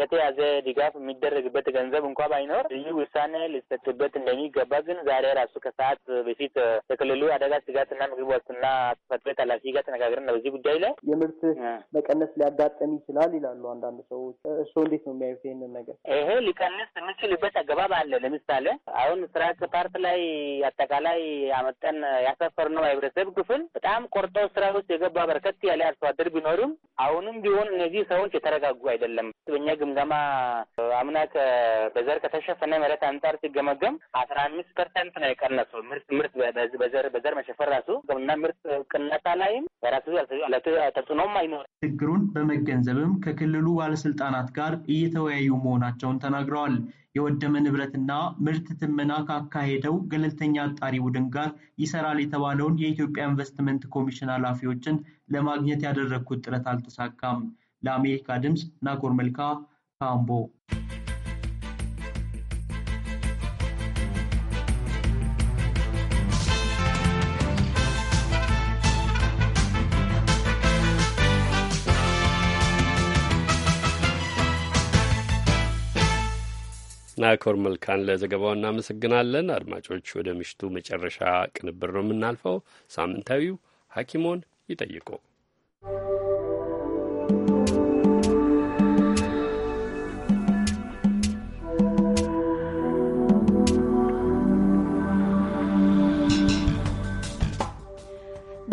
የተያዘ ድጋፍ የሚደረግበት ገንዘብ እንኳ ባይኖር ልዩ ውሳኔ ሊሰጥበት እንደሚገባ ግን ዛሬ ራሱ ከሰዓት በፊት ከክልሉ አደጋ ስጋትና ምግብ ዋስትና ጽሕፈት ቤት ኃላፊ ጋር ተነጋግረን ነው በዚህ ጉዳይ ላይ የምርት መቀነስ ሊያጋጥም ይችላል ይላሉ አንዳንድ ሰዎች። እሱ እንዴት ነው የሚያዩት ይህንን ነገር? ይሄ ሊቀንስ የምችልበት አገባብ አለ። ለምሳሌ አሁን ምስራቅ ፓርት ላይ አጠቃላይ አመጠን ያሳፈርነው ህብረተሰብ ክፍል በጣም ቆርጦ ስራ ውስጥ የገባ በርከት ያለ አርሶ አደር ቢኖርም አሁንም ቢሆን እነዚህ ሰዎች የተረጋጉ አይደለም። በኛ ግምገማ አምና በዘር ከተሸፈነ መሬት አንጻር ሲገመገም አስራ አምስት ፐርሰንት ነው የቀነሱ ምርት ምርት በዘር በዘር መሸፈን ራሱ እና ምርት ቅነታ ላይም ራሱ ተጽዕኖም አይኖር። ችግሩን በመገንዘብም ከክልሉ ባለስልጣናት ጋር እየተወያዩ መሆናቸውን ተናግረዋል። የወደመ ንብረትና ምርት ትመና ካካሄደው ገለልተኛ አጣሪ ቡድን ጋር ይሰራል የተባለውን የኢትዮጵያ ኢንቨስትመንት ኮሚሽን ኃላፊዎችን ለማግኘት ያደረግኩት ጥረት አልተሳካም። ለአሜሪካ ድምፅ ናኮር መልካ አምቦ ናኮር መልካን ለዘገባው እናመሰግናለን። አድማጮች ወደ ምሽቱ መጨረሻ ቅንብር ነው የምናልፈው። ሳምንታዊው ሐኪሞን ይጠይቁ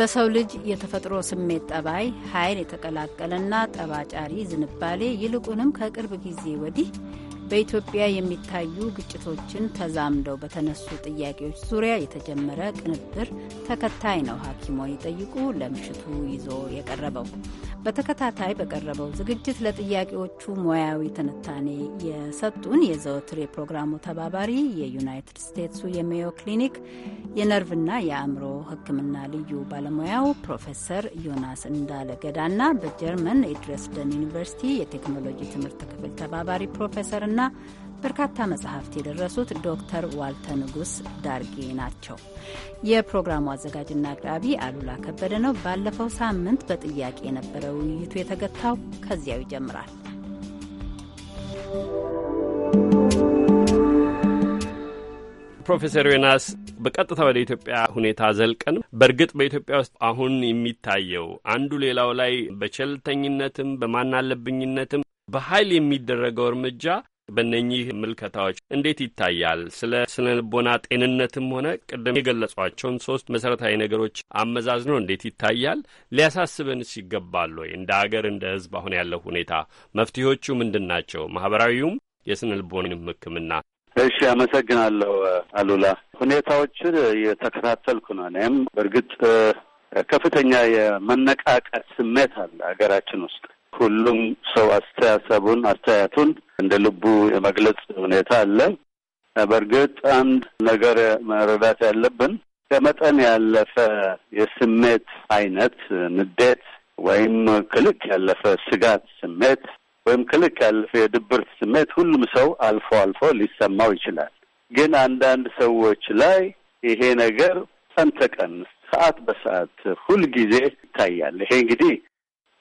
በሰው ልጅ የተፈጥሮ ስሜት ጠባይ ኃይል የተቀላቀለና ጠባጫሪ ዝንባሌ ይልቁንም ከቅርብ ጊዜ ወዲህ በኢትዮጵያ የሚታዩ ግጭቶችን ተዛምደው በተነሱ ጥያቄዎች ዙሪያ የተጀመረ ቅንብር ተከታይ ነው። ሐኪሞን ይጠይቁ ለምሽቱ ይዞ የቀረበው በተከታታይ በቀረበው ዝግጅት ለጥያቄዎቹ ሙያዊ ትንታኔ የሰጡን የዘወትር የፕሮግራሙ ተባባሪ የዩናይትድ ስቴትሱ የሜዮ ክሊኒክ የነርቭና የአእምሮ ሕክምና ልዩ ባለሙያው ፕሮፌሰር ዮናስ እንዳለ ገዳና በጀርመን የድሬስደን ዩኒቨርሲቲ የቴክኖሎጂ ትምህርት ክፍል ተባባሪ ፕሮፌሰርና የጻፉና በርካታ መጽሐፍት የደረሱት ዶክተር ዋልተ ንጉስ ዳርጌ ናቸው። የፕሮግራሙ አዘጋጅና አቅራቢ አሉላ ከበደ ነው። ባለፈው ሳምንት በጥያቄ የነበረ ውይይቱ የተገታው ከዚያው ይጀምራል። ፕሮፌሰር ዮናስ በቀጥታ ወደ ኢትዮጵያ ሁኔታ ዘልቀን በእርግጥ በኢትዮጵያ ውስጥ አሁን የሚታየው አንዱ ሌላው ላይ በቸልተኝነትም በማናለብኝነትም በኃይል የሚደረገው እርምጃ በእነኚህ ምልከታዎች እንዴት ይታያል? ስለ ስነ ልቦና ጤንነትም ሆነ ቅድም የገለጿቸውን ሶስት መሰረታዊ ነገሮች አመዛዝኖ እንዴት ይታያል? ሊያሳስበንስ ይገባል ወይ? እንደ አገር እንደ ህዝብ አሁን ያለው ሁኔታ መፍትሄዎቹ ምንድን ናቸው? ማህበራዊውም የስነ ህክምና ሕክምና። እሺ፣ አመሰግናለሁ አሉላ። ሁኔታዎችን የተከታተልኩ ነው። እኔም በእርግጥ ከፍተኛ የመነቃቀት ስሜት አለ ሀገራችን ውስጥ ሁሉም ሰው አስተያሰቡን አስተያየቱን እንደ ልቡ የመግለጽ ሁኔታ አለ። በእርግጥ አንድ ነገር መረዳት ያለብን ከመጠን ያለፈ የስሜት አይነት ንዴት፣ ወይም ክልክ ያለፈ ስጋት ስሜት ወይም ክልክ ያለፈ የድብርት ስሜት ሁሉም ሰው አልፎ አልፎ ሊሰማው ይችላል። ግን አንዳንድ ሰዎች ላይ ይሄ ነገር ቀን ተቀን ሰዓት በሰዓት ሁልጊዜ ይታያል። ይሄ እንግዲህ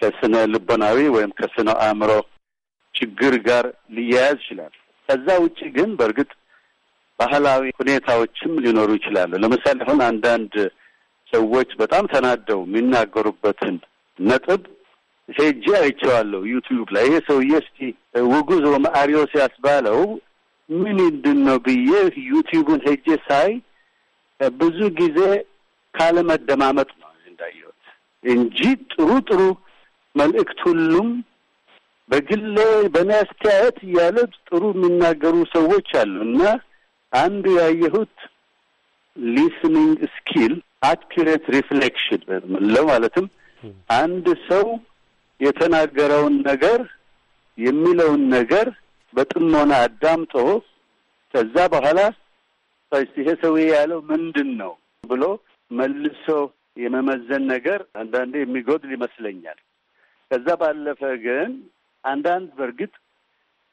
ከስነ ልቦናዊ ወይም ከስነ አእምሮ ችግር ጋር ሊያያዝ ይችላል። ከዛ ውጭ ግን በእርግጥ ባህላዊ ሁኔታዎችም ሊኖሩ ይችላሉ። ለምሳሌ አሁን አንዳንድ ሰዎች በጣም ተናደው የሚናገሩበትን ነጥብ ሄጄ አይቼዋለሁ ዩቲዩብ ላይ። ይሄ ሰውዬ እስቲ ውጉዝ አሪዮስ ያስባለው ምንድን ነው ብዬ ዩቲዩብን ሄጄ ሳይ ብዙ ጊዜ ካለመደማመጥ ነው እንዳየሁት እንጂ ጥሩ ጥሩ መልእክት ሁሉም በግሌ በእኔ አስተያየት እያለ ጥሩ የሚናገሩ ሰዎች አሉ እና አንዱ ያየሁት ሊስኒንግ ስኪል አኪሬት ሪፍሌክሽን ምለው ማለትም አንድ ሰው የተናገረውን ነገር የሚለውን ነገር በጥሞና አዳምጦ ከዛ በኋላ ይሄ ሰውዬ ያለው ምንድን ነው ብሎ መልሶ የመመዘን ነገር አንዳንዴ የሚጎድል ይመስለኛል። ከዛ ባለፈ ግን አንዳንድ በእርግጥ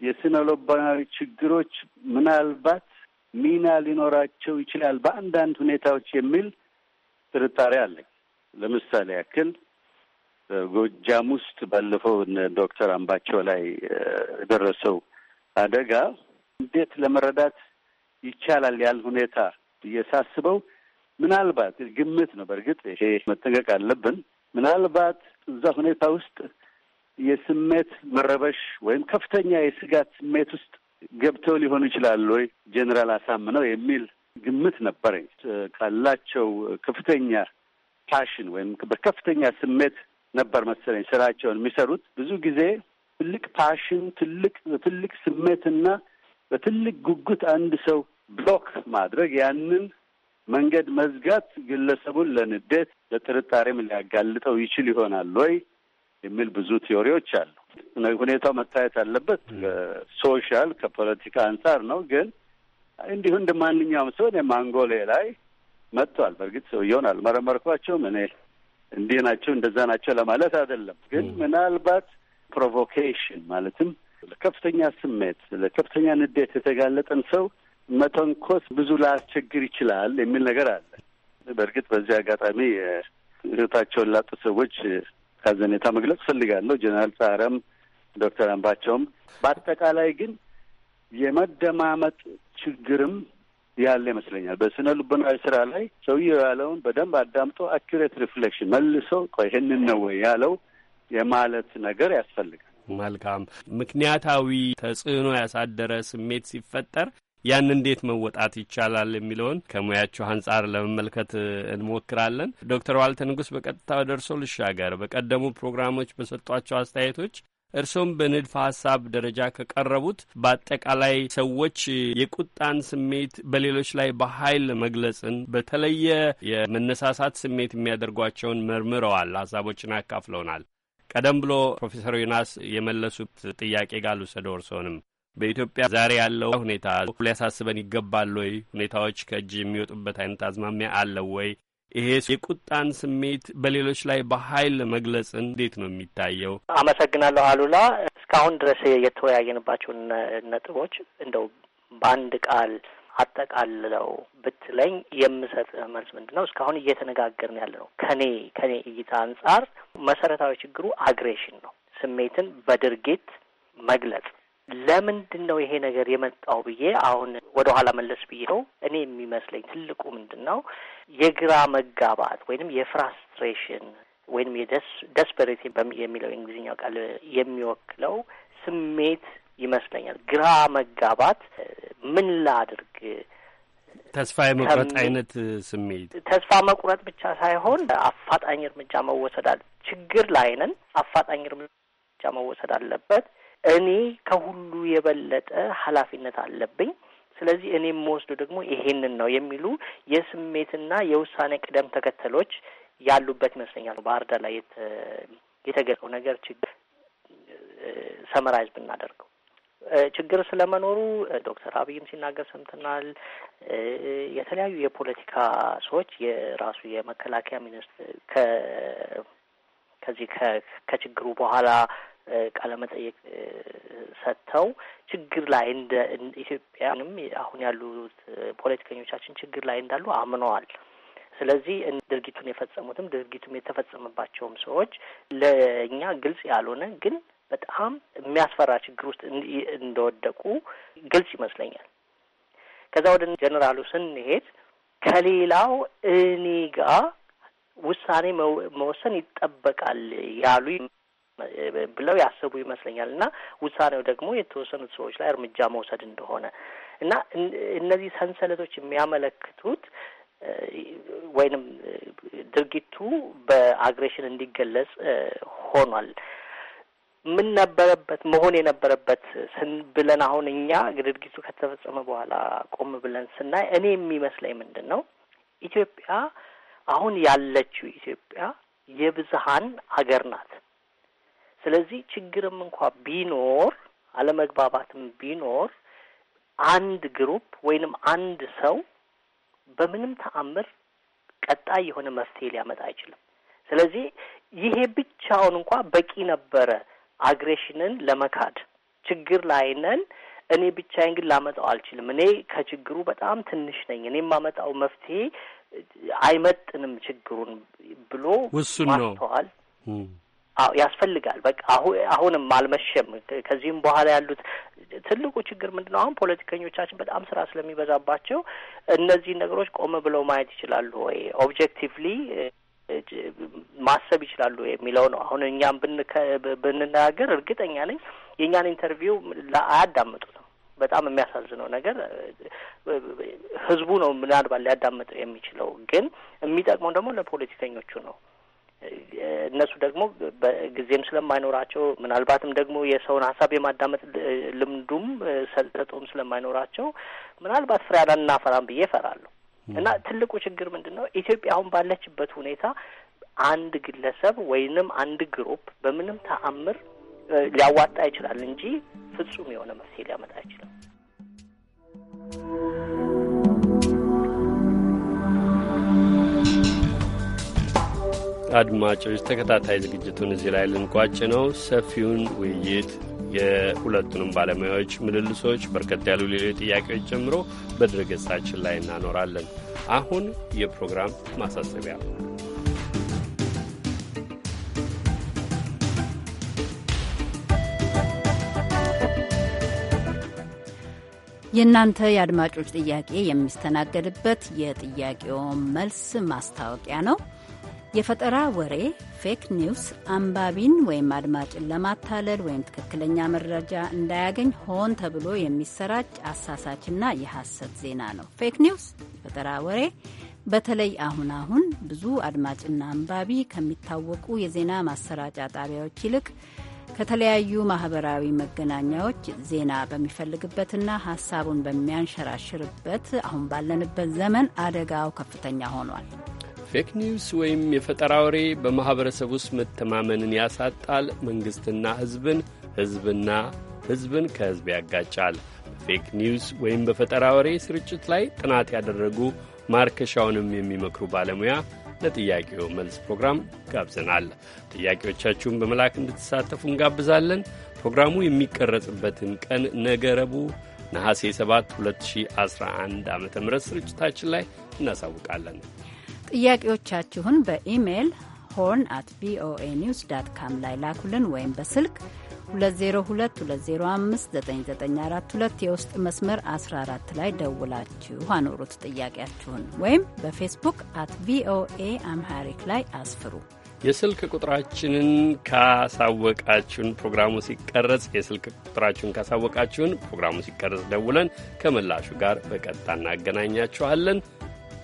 የስነ ልቦናዊ ችግሮች ምናልባት ሚና ሊኖራቸው ይችላል በአንዳንድ ሁኔታዎች የሚል ጥርጣሬ አለኝ። ለምሳሌ ያክል በጎጃም ውስጥ ባለፈው ዶክተር አምባቸው ላይ የደረሰው አደጋ እንዴት ለመረዳት ይቻላል ያል ሁኔታ እየሳስበው ምናልባት ግምት ነው። በእርግጥ ይሄ መጠንቀቅ አለብን። ምናልባት እዛ ሁኔታ ውስጥ የስሜት መረበሽ ወይም ከፍተኛ የስጋት ስሜት ውስጥ ገብተው ሊሆኑ ይችላሉ ወይ ጄኔራል አሳምነው የሚል ግምት ነበረኝ። ካላቸው ከፍተኛ ፓሽን ወይም በከፍተኛ ስሜት ነበር መሰለኝ ስራቸውን የሚሰሩት። ብዙ ጊዜ ትልቅ ፓሽን፣ ትልቅ በትልቅ ስሜትና በትልቅ ጉጉት አንድ ሰው ብሎክ ማድረግ ያንን መንገድ መዝጋት ግለሰቡን ለንዴት ለጥርጣሬም ሊያጋልጠው ይችል ይሆናል ወይ የሚል ብዙ ቲዎሪዎች አሉ። ሁኔታው መታየት አለበት። ሶሻል ከፖለቲካ አንጻር ነው። ግን እንዲሁ እንደ ማንኛውም ሰው እኔ ማንጎሌ ላይ መጥቷል። በእርግጥ ሰውየውን አልመረመርኳቸውም። እኔ እንዲህ ናቸው እንደዛ ናቸው ለማለት አይደለም። ግን ምናልባት ፕሮቮኬሽን ማለትም ለከፍተኛ ስሜት፣ ለከፍተኛ ንዴት የተጋለጠን ሰው መተንኮስ ብዙ ላስቸግር ይችላል የሚል ነገር አለ። በእርግጥ በዚህ አጋጣሚ ህይወታቸውን ላጡ ሰዎች ሀዘኔታ መግለጽ ፈልጋለሁ። ጀኔራል ሳረም ዶክተር አምባቸውም በአጠቃላይ ግን የመደማመጥ ችግርም ያለ ይመስለኛል። በስነ ልቦናዊ ስራ ላይ ሰውዬው ያለውን በደንብ አዳምጦ አኪሬት ሪፍሌክሽን መልሶ ቆይ ይህንን ነው ወይ ያለው የማለት ነገር ያስፈልጋል። መልካም ምክንያታዊ ተጽዕኖ ያሳደረ ስሜት ሲፈጠር ያን እንዴት መወጣት ይቻላል የሚለውን ከሙያቸው አንጻር ለመመልከት እንሞክራለን። ዶክተር ዋልተ ንጉስ በቀጥታ ወደ እርስዎ ልሻገር። በቀደሙ ፕሮግራሞች በሰጧቸው አስተያየቶች እርሶም በንድፈ ሀሳብ ደረጃ ከቀረቡት በአጠቃላይ ሰዎች የቁጣን ስሜት በሌሎች ላይ በኃይል መግለጽን በተለየ የመነሳሳት ስሜት የሚያደርጓቸውን መርምረዋል፣ ሀሳቦችን አካፍለውናል። ቀደም ብሎ ፕሮፌሰር ዮናስ የመለሱት ጥያቄ ጋር ልውሰደው እርስዎንም በኢትዮጵያ ዛሬ ያለው ሁኔታ ሊያሳስበን ይገባል ወይ? ሁኔታዎች ከእጅ የሚወጡበት አይነት አዝማሚያ አለው ወይ? ይሄ የቁጣን ስሜት በሌሎች ላይ በኃይል መግለጽ እንዴት ነው የሚታየው? አመሰግናለሁ አሉላ። እስካሁን ድረስ የተወያየንባቸውን ነጥቦች እንደው በአንድ ቃል አጠቃልለው ብትለኝ የምሰጥህ መልስ ምንድን ነው? እስካሁን እየተነጋገርን ያለ ነው። ከኔ ከኔ እይታ አንጻር መሰረታዊ ችግሩ አግሬሽን ነው። ስሜትን በድርጊት መግለጽ ለምንድን ነው ይሄ ነገር የመጣው ብዬ አሁን ወደ ኋላ መለስ ብዬ ነው። እኔ የሚመስለኝ ትልቁ ምንድን ነው የግራ መጋባት ወይንም የፍራስትሬሽን ወይንም የደስ የሚለው የእንግሊዝኛው ቃል የሚወክለው ስሜት ይመስለኛል። ግራ መጋባት ምን ላድርግ ተስፋ የመቁረጥ አይነት ስሜት፣ ተስፋ መቁረጥ ብቻ ሳይሆን አፋጣኝ እርምጃ መወሰድ አለ። ችግር ላይ ነን፣ አፋጣኝ እርምጃ መወሰድ አለበት። እኔ ከሁሉ የበለጠ ኃላፊነት አለብኝ ስለዚህ እኔ የምወስዱ ደግሞ ይሄንን ነው የሚሉ የስሜትና የውሳኔ ቅደም ተከተሎች ያሉበት ይመስለኛል። ባህር ዳር ላይ የተገለጸው ነገር ችግር ሰመራይዝ ብናደርገው ችግር ስለመኖሩ ዶክተር አብይም ሲናገር ሰምተናል። የተለያዩ የፖለቲካ ሰዎች የራሱ የመከላከያ ሚኒስትር ከዚህ ከችግሩ በኋላ ቃለመጠየቅ ሰጥተው ችግር ላይ እንደ ኢትዮጵያንም አሁን ያሉት ፖለቲከኞቻችን ችግር ላይ እንዳሉ አምነዋል። ስለዚህ ድርጊቱን የፈጸሙትም ድርጊቱም የተፈጸመባቸውም ሰዎች ለእኛ ግልጽ ያልሆነ ግን በጣም የሚያስፈራ ችግር ውስጥ እንደወደቁ ግልጽ ይመስለኛል። ከዛ ወደ ጀኔራሉ ስንሄድ ከሌላው እኔ ጋር ውሳኔ መወሰን ይጠበቃል ያሉ ብለው ያሰቡ ይመስለኛል እና ውሳኔው ደግሞ የተወሰኑት ሰዎች ላይ እርምጃ መውሰድ እንደሆነ እና እነዚህ ሰንሰለቶች የሚያመለክቱት ወይንም ድርጊቱ በአግሬሽን እንዲገለጽ ሆኗል። ምን ነበረበት መሆን የነበረበት ስን ብለን አሁን እኛ ድርጊቱ ከተፈጸመ በኋላ ቆም ብለን ስናይ እኔ የሚመስለኝ ምንድን ነው ኢትዮጵያ አሁን ያለችው ኢትዮጵያ የብዝሃን ሀገር ናት። ስለዚህ ችግርም እንኳ ቢኖር አለመግባባትም ቢኖር አንድ ግሩፕ ወይንም አንድ ሰው በምንም ተአምር ቀጣይ የሆነ መፍትሄ ሊያመጣ አይችልም። ስለዚህ ይሄ ብቻውን እንኳ በቂ ነበረ አግሬሽንን ለመካድ። ችግር ላይ ነን፣ እኔ ብቻዬን ግን ላመጣው አልችልም። እኔ ከችግሩ በጣም ትንሽ ነኝ። እኔ የማመጣው መፍትሄ አይመጥንም ችግሩን ብሎ ውሱን ነው ያስፈልጋል። በቃ አሁንም አልመሸም። ከዚህም በኋላ ያሉት ትልቁ ችግር ምንድ ነው? አሁን ፖለቲከኞቻችን በጣም ስራ ስለሚበዛባቸው እነዚህ ነገሮች ቆም ብለው ማየት ይችላሉ ወይ ኦብጀክቲቭሊ ማሰብ ይችላሉ የሚለው ነው። አሁን እኛም ብንነጋገር እርግጠኛ ነኝ የእኛን ኢንተርቪው አያዳምጡትም። በጣም የሚያሳዝነው ነገር ህዝቡ ነው ምናልባት ሊያዳምጠው የሚችለው፣ ግን የሚጠቅመው ደግሞ ለፖለቲከኞቹ ነው። እነሱ ደግሞ በጊዜም ስለማይኖራቸው ምናልባትም ደግሞ የሰውን ሀሳብ የማዳመጥ ልምዱም ሰልጠጦም ስለማይኖራቸው ምናልባት ፍሬ አናፈራም ብዬ እፈራለሁ። እና ትልቁ ችግር ምንድን ነው? ኢትዮጵያ አሁን ባለችበት ሁኔታ አንድ ግለሰብ ወይንም አንድ ግሩፕ በምንም ተአምር ሊያዋጣ ይችላል እንጂ ፍጹም የሆነ መፍትሄ ሊያመጣ አይችልም። አድማጮች ተከታታይ ዝግጅቱን እዚህ ላይ ልንቋጭ ነው። ሰፊውን ውይይት የሁለቱንም ባለሙያዎች ምልልሶች፣ በርከት ያሉ ሌሎች ጥያቄዎች ጨምሮ በድረገጻችን ላይ እናኖራለን። አሁን የፕሮግራም ማሳሰቢያ የእናንተ የአድማጮች ጥያቄ የሚስተናገድበት የጥያቄው መልስ ማስታወቂያ ነው። የፈጠራ ወሬ ፌክ ኒውስ አንባቢን ወይም አድማጭን ለማታለል ወይም ትክክለኛ መረጃ እንዳያገኝ ሆን ተብሎ የሚሰራጭ አሳሳችና የሐሰት ዜና ነው። ፌክ ኒውስ የፈጠራ ወሬ በተለይ አሁን አሁን ብዙ አድማጭና አንባቢ ከሚታወቁ የዜና ማሰራጫ ጣቢያዎች ይልቅ ከተለያዩ ማህበራዊ መገናኛዎች ዜና በሚፈልግበትና ሀሳቡን በሚያንሸራሽርበት አሁን ባለንበት ዘመን አደጋው ከፍተኛ ሆኗል። ፌክ ኒውስ ወይም የፈጠራ ወሬ በማኅበረሰብ ውስጥ መተማመንን ያሳጣል፣ መንግሥትና ሕዝብን ሕዝብና ሕዝብን ከሕዝብ ያጋጫል። በፌክ ኒውስ ወይም በፈጠራ ወሬ ስርጭት ላይ ጥናት ያደረጉ ማርከሻውንም የሚመክሩ ባለሙያ ለጥያቄው መልስ ፕሮግራም ጋብዘናል። ጥያቄዎቻችሁን በመላክ እንድትሳተፉ እንጋብዛለን። ፕሮግራሙ የሚቀረጽበትን ቀን ነገ ረቡዕ ነሐሴ 7 2011 ዓ ም ስርጭታችን ላይ እናሳውቃለን። ጥያቄዎቻችሁን በኢሜይል ሆርን አት ቪኦኤ ኒውስ ዳት ካም ላይ ላኩልን ወይም በስልክ 2022059942 የውስጥ መስመር 14 ላይ ደውላችሁ አኖሩት ጥያቄያችሁን። ወይም በፌስቡክ አት ቪኦኤ አምሃሪክ ላይ አስፍሩ። የስልክ ቁጥራችንን ካሳወቃችሁን ፕሮግራሙ ሲቀረጽ የስልክ ቁጥራችሁን ካሳወቃችሁን ፕሮግራሙ ሲቀረጽ ደውለን ከምላሹ ጋር በቀጥታ እናገናኛችኋለን።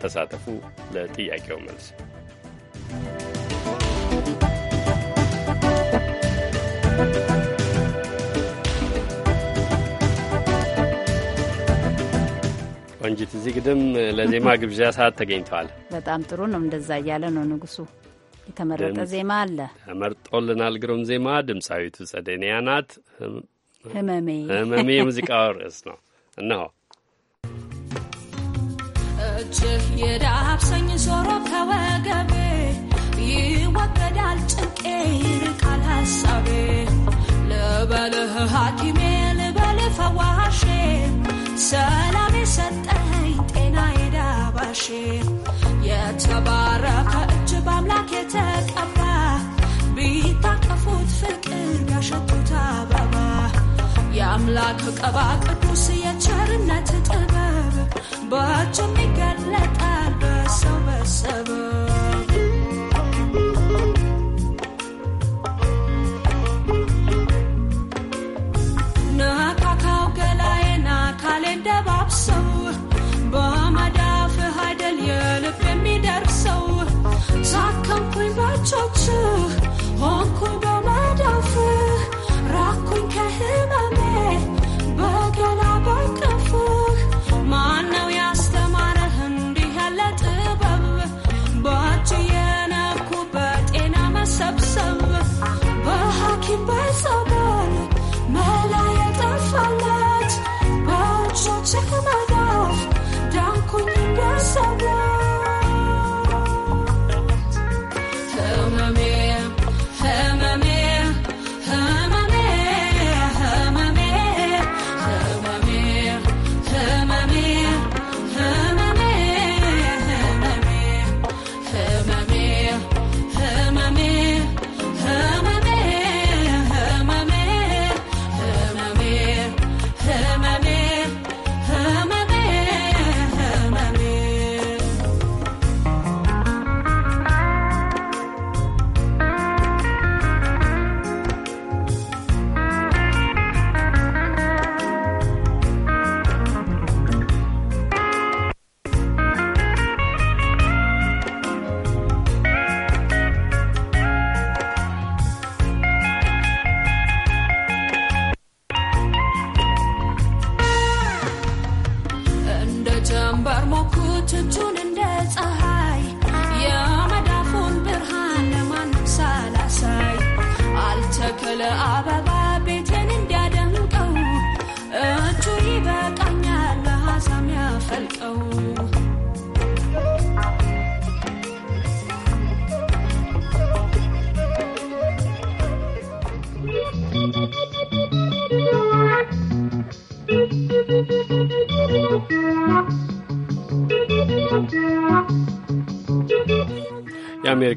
ተሳተፉ። ለጥያቄው መልስ ቆንጂት፣ እዚህ ግድም ለዜማ ግብዣ ሰዓት ተገኝተዋል። በጣም ጥሩ ነው። እንደዛ እያለ ነው ንጉሱ። የተመረጠ ዜማ አለ ተመርጦልናል። ግሩም ዜማ ድምፃዊቱ ጸደኒያ ናት። ህመሜ ህመሜ የሙዚቃው ርዕስ ነው እነሆ ፍቅርህ የዳብሰኝ ዞሮ ከወገቤ ይወገዳል ጭንቄ ይርቃል ሐሳቤ ልበልህ ሐኪሜ ልበልህ ፈዋሼ ሰላሜ ሰጠኝ ጤና የዳባሼ የተባረከ እጅ በአምላክ የተቀባ ቢታቀፉት ፍቅር ያሸቱት አበባ የአምላክ ቀባ ቅዱስ የቸርነት ጥበብ ባቸውም ይገለጣል በሰው መሰበር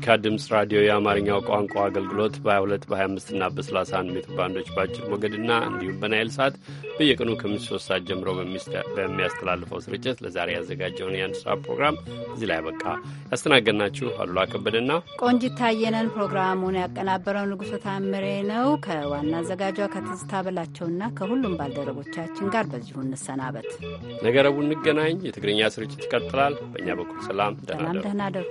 የአሜሪካ ድምፅ ራዲዮ የአማርኛው ቋንቋ አገልግሎት በ22 በ25 እና በ31 ሜትር ባንዶች በአጭር ሞገድና እንዲሁም በናይል ሳት በየቀኑ ከምሽቱ ሶስት ሰዓት ጀምሮ በሚያስተላልፈው ስርጭት ለዛሬ ያዘጋጀውን የአንድ ሰዓት ፕሮግራም እዚህ ላይ በቃ ያስተናገድናችሁ አሉላ ከበደና ቆንጂት ታየነን። ፕሮግራሙን ያቀናበረው ንጉሥ ታምሬ ነው። ከዋና አዘጋጇ ከትዝታ በላቸውና ከሁሉም ባልደረቦቻችን ጋር በዚሁ እንሰናበት። ነገ ረቡዕ እንገናኝ። የትግርኛ ስርጭት ይቀጥላል። በእኛ በኩል ሰላም፣ ደህና ደሩ።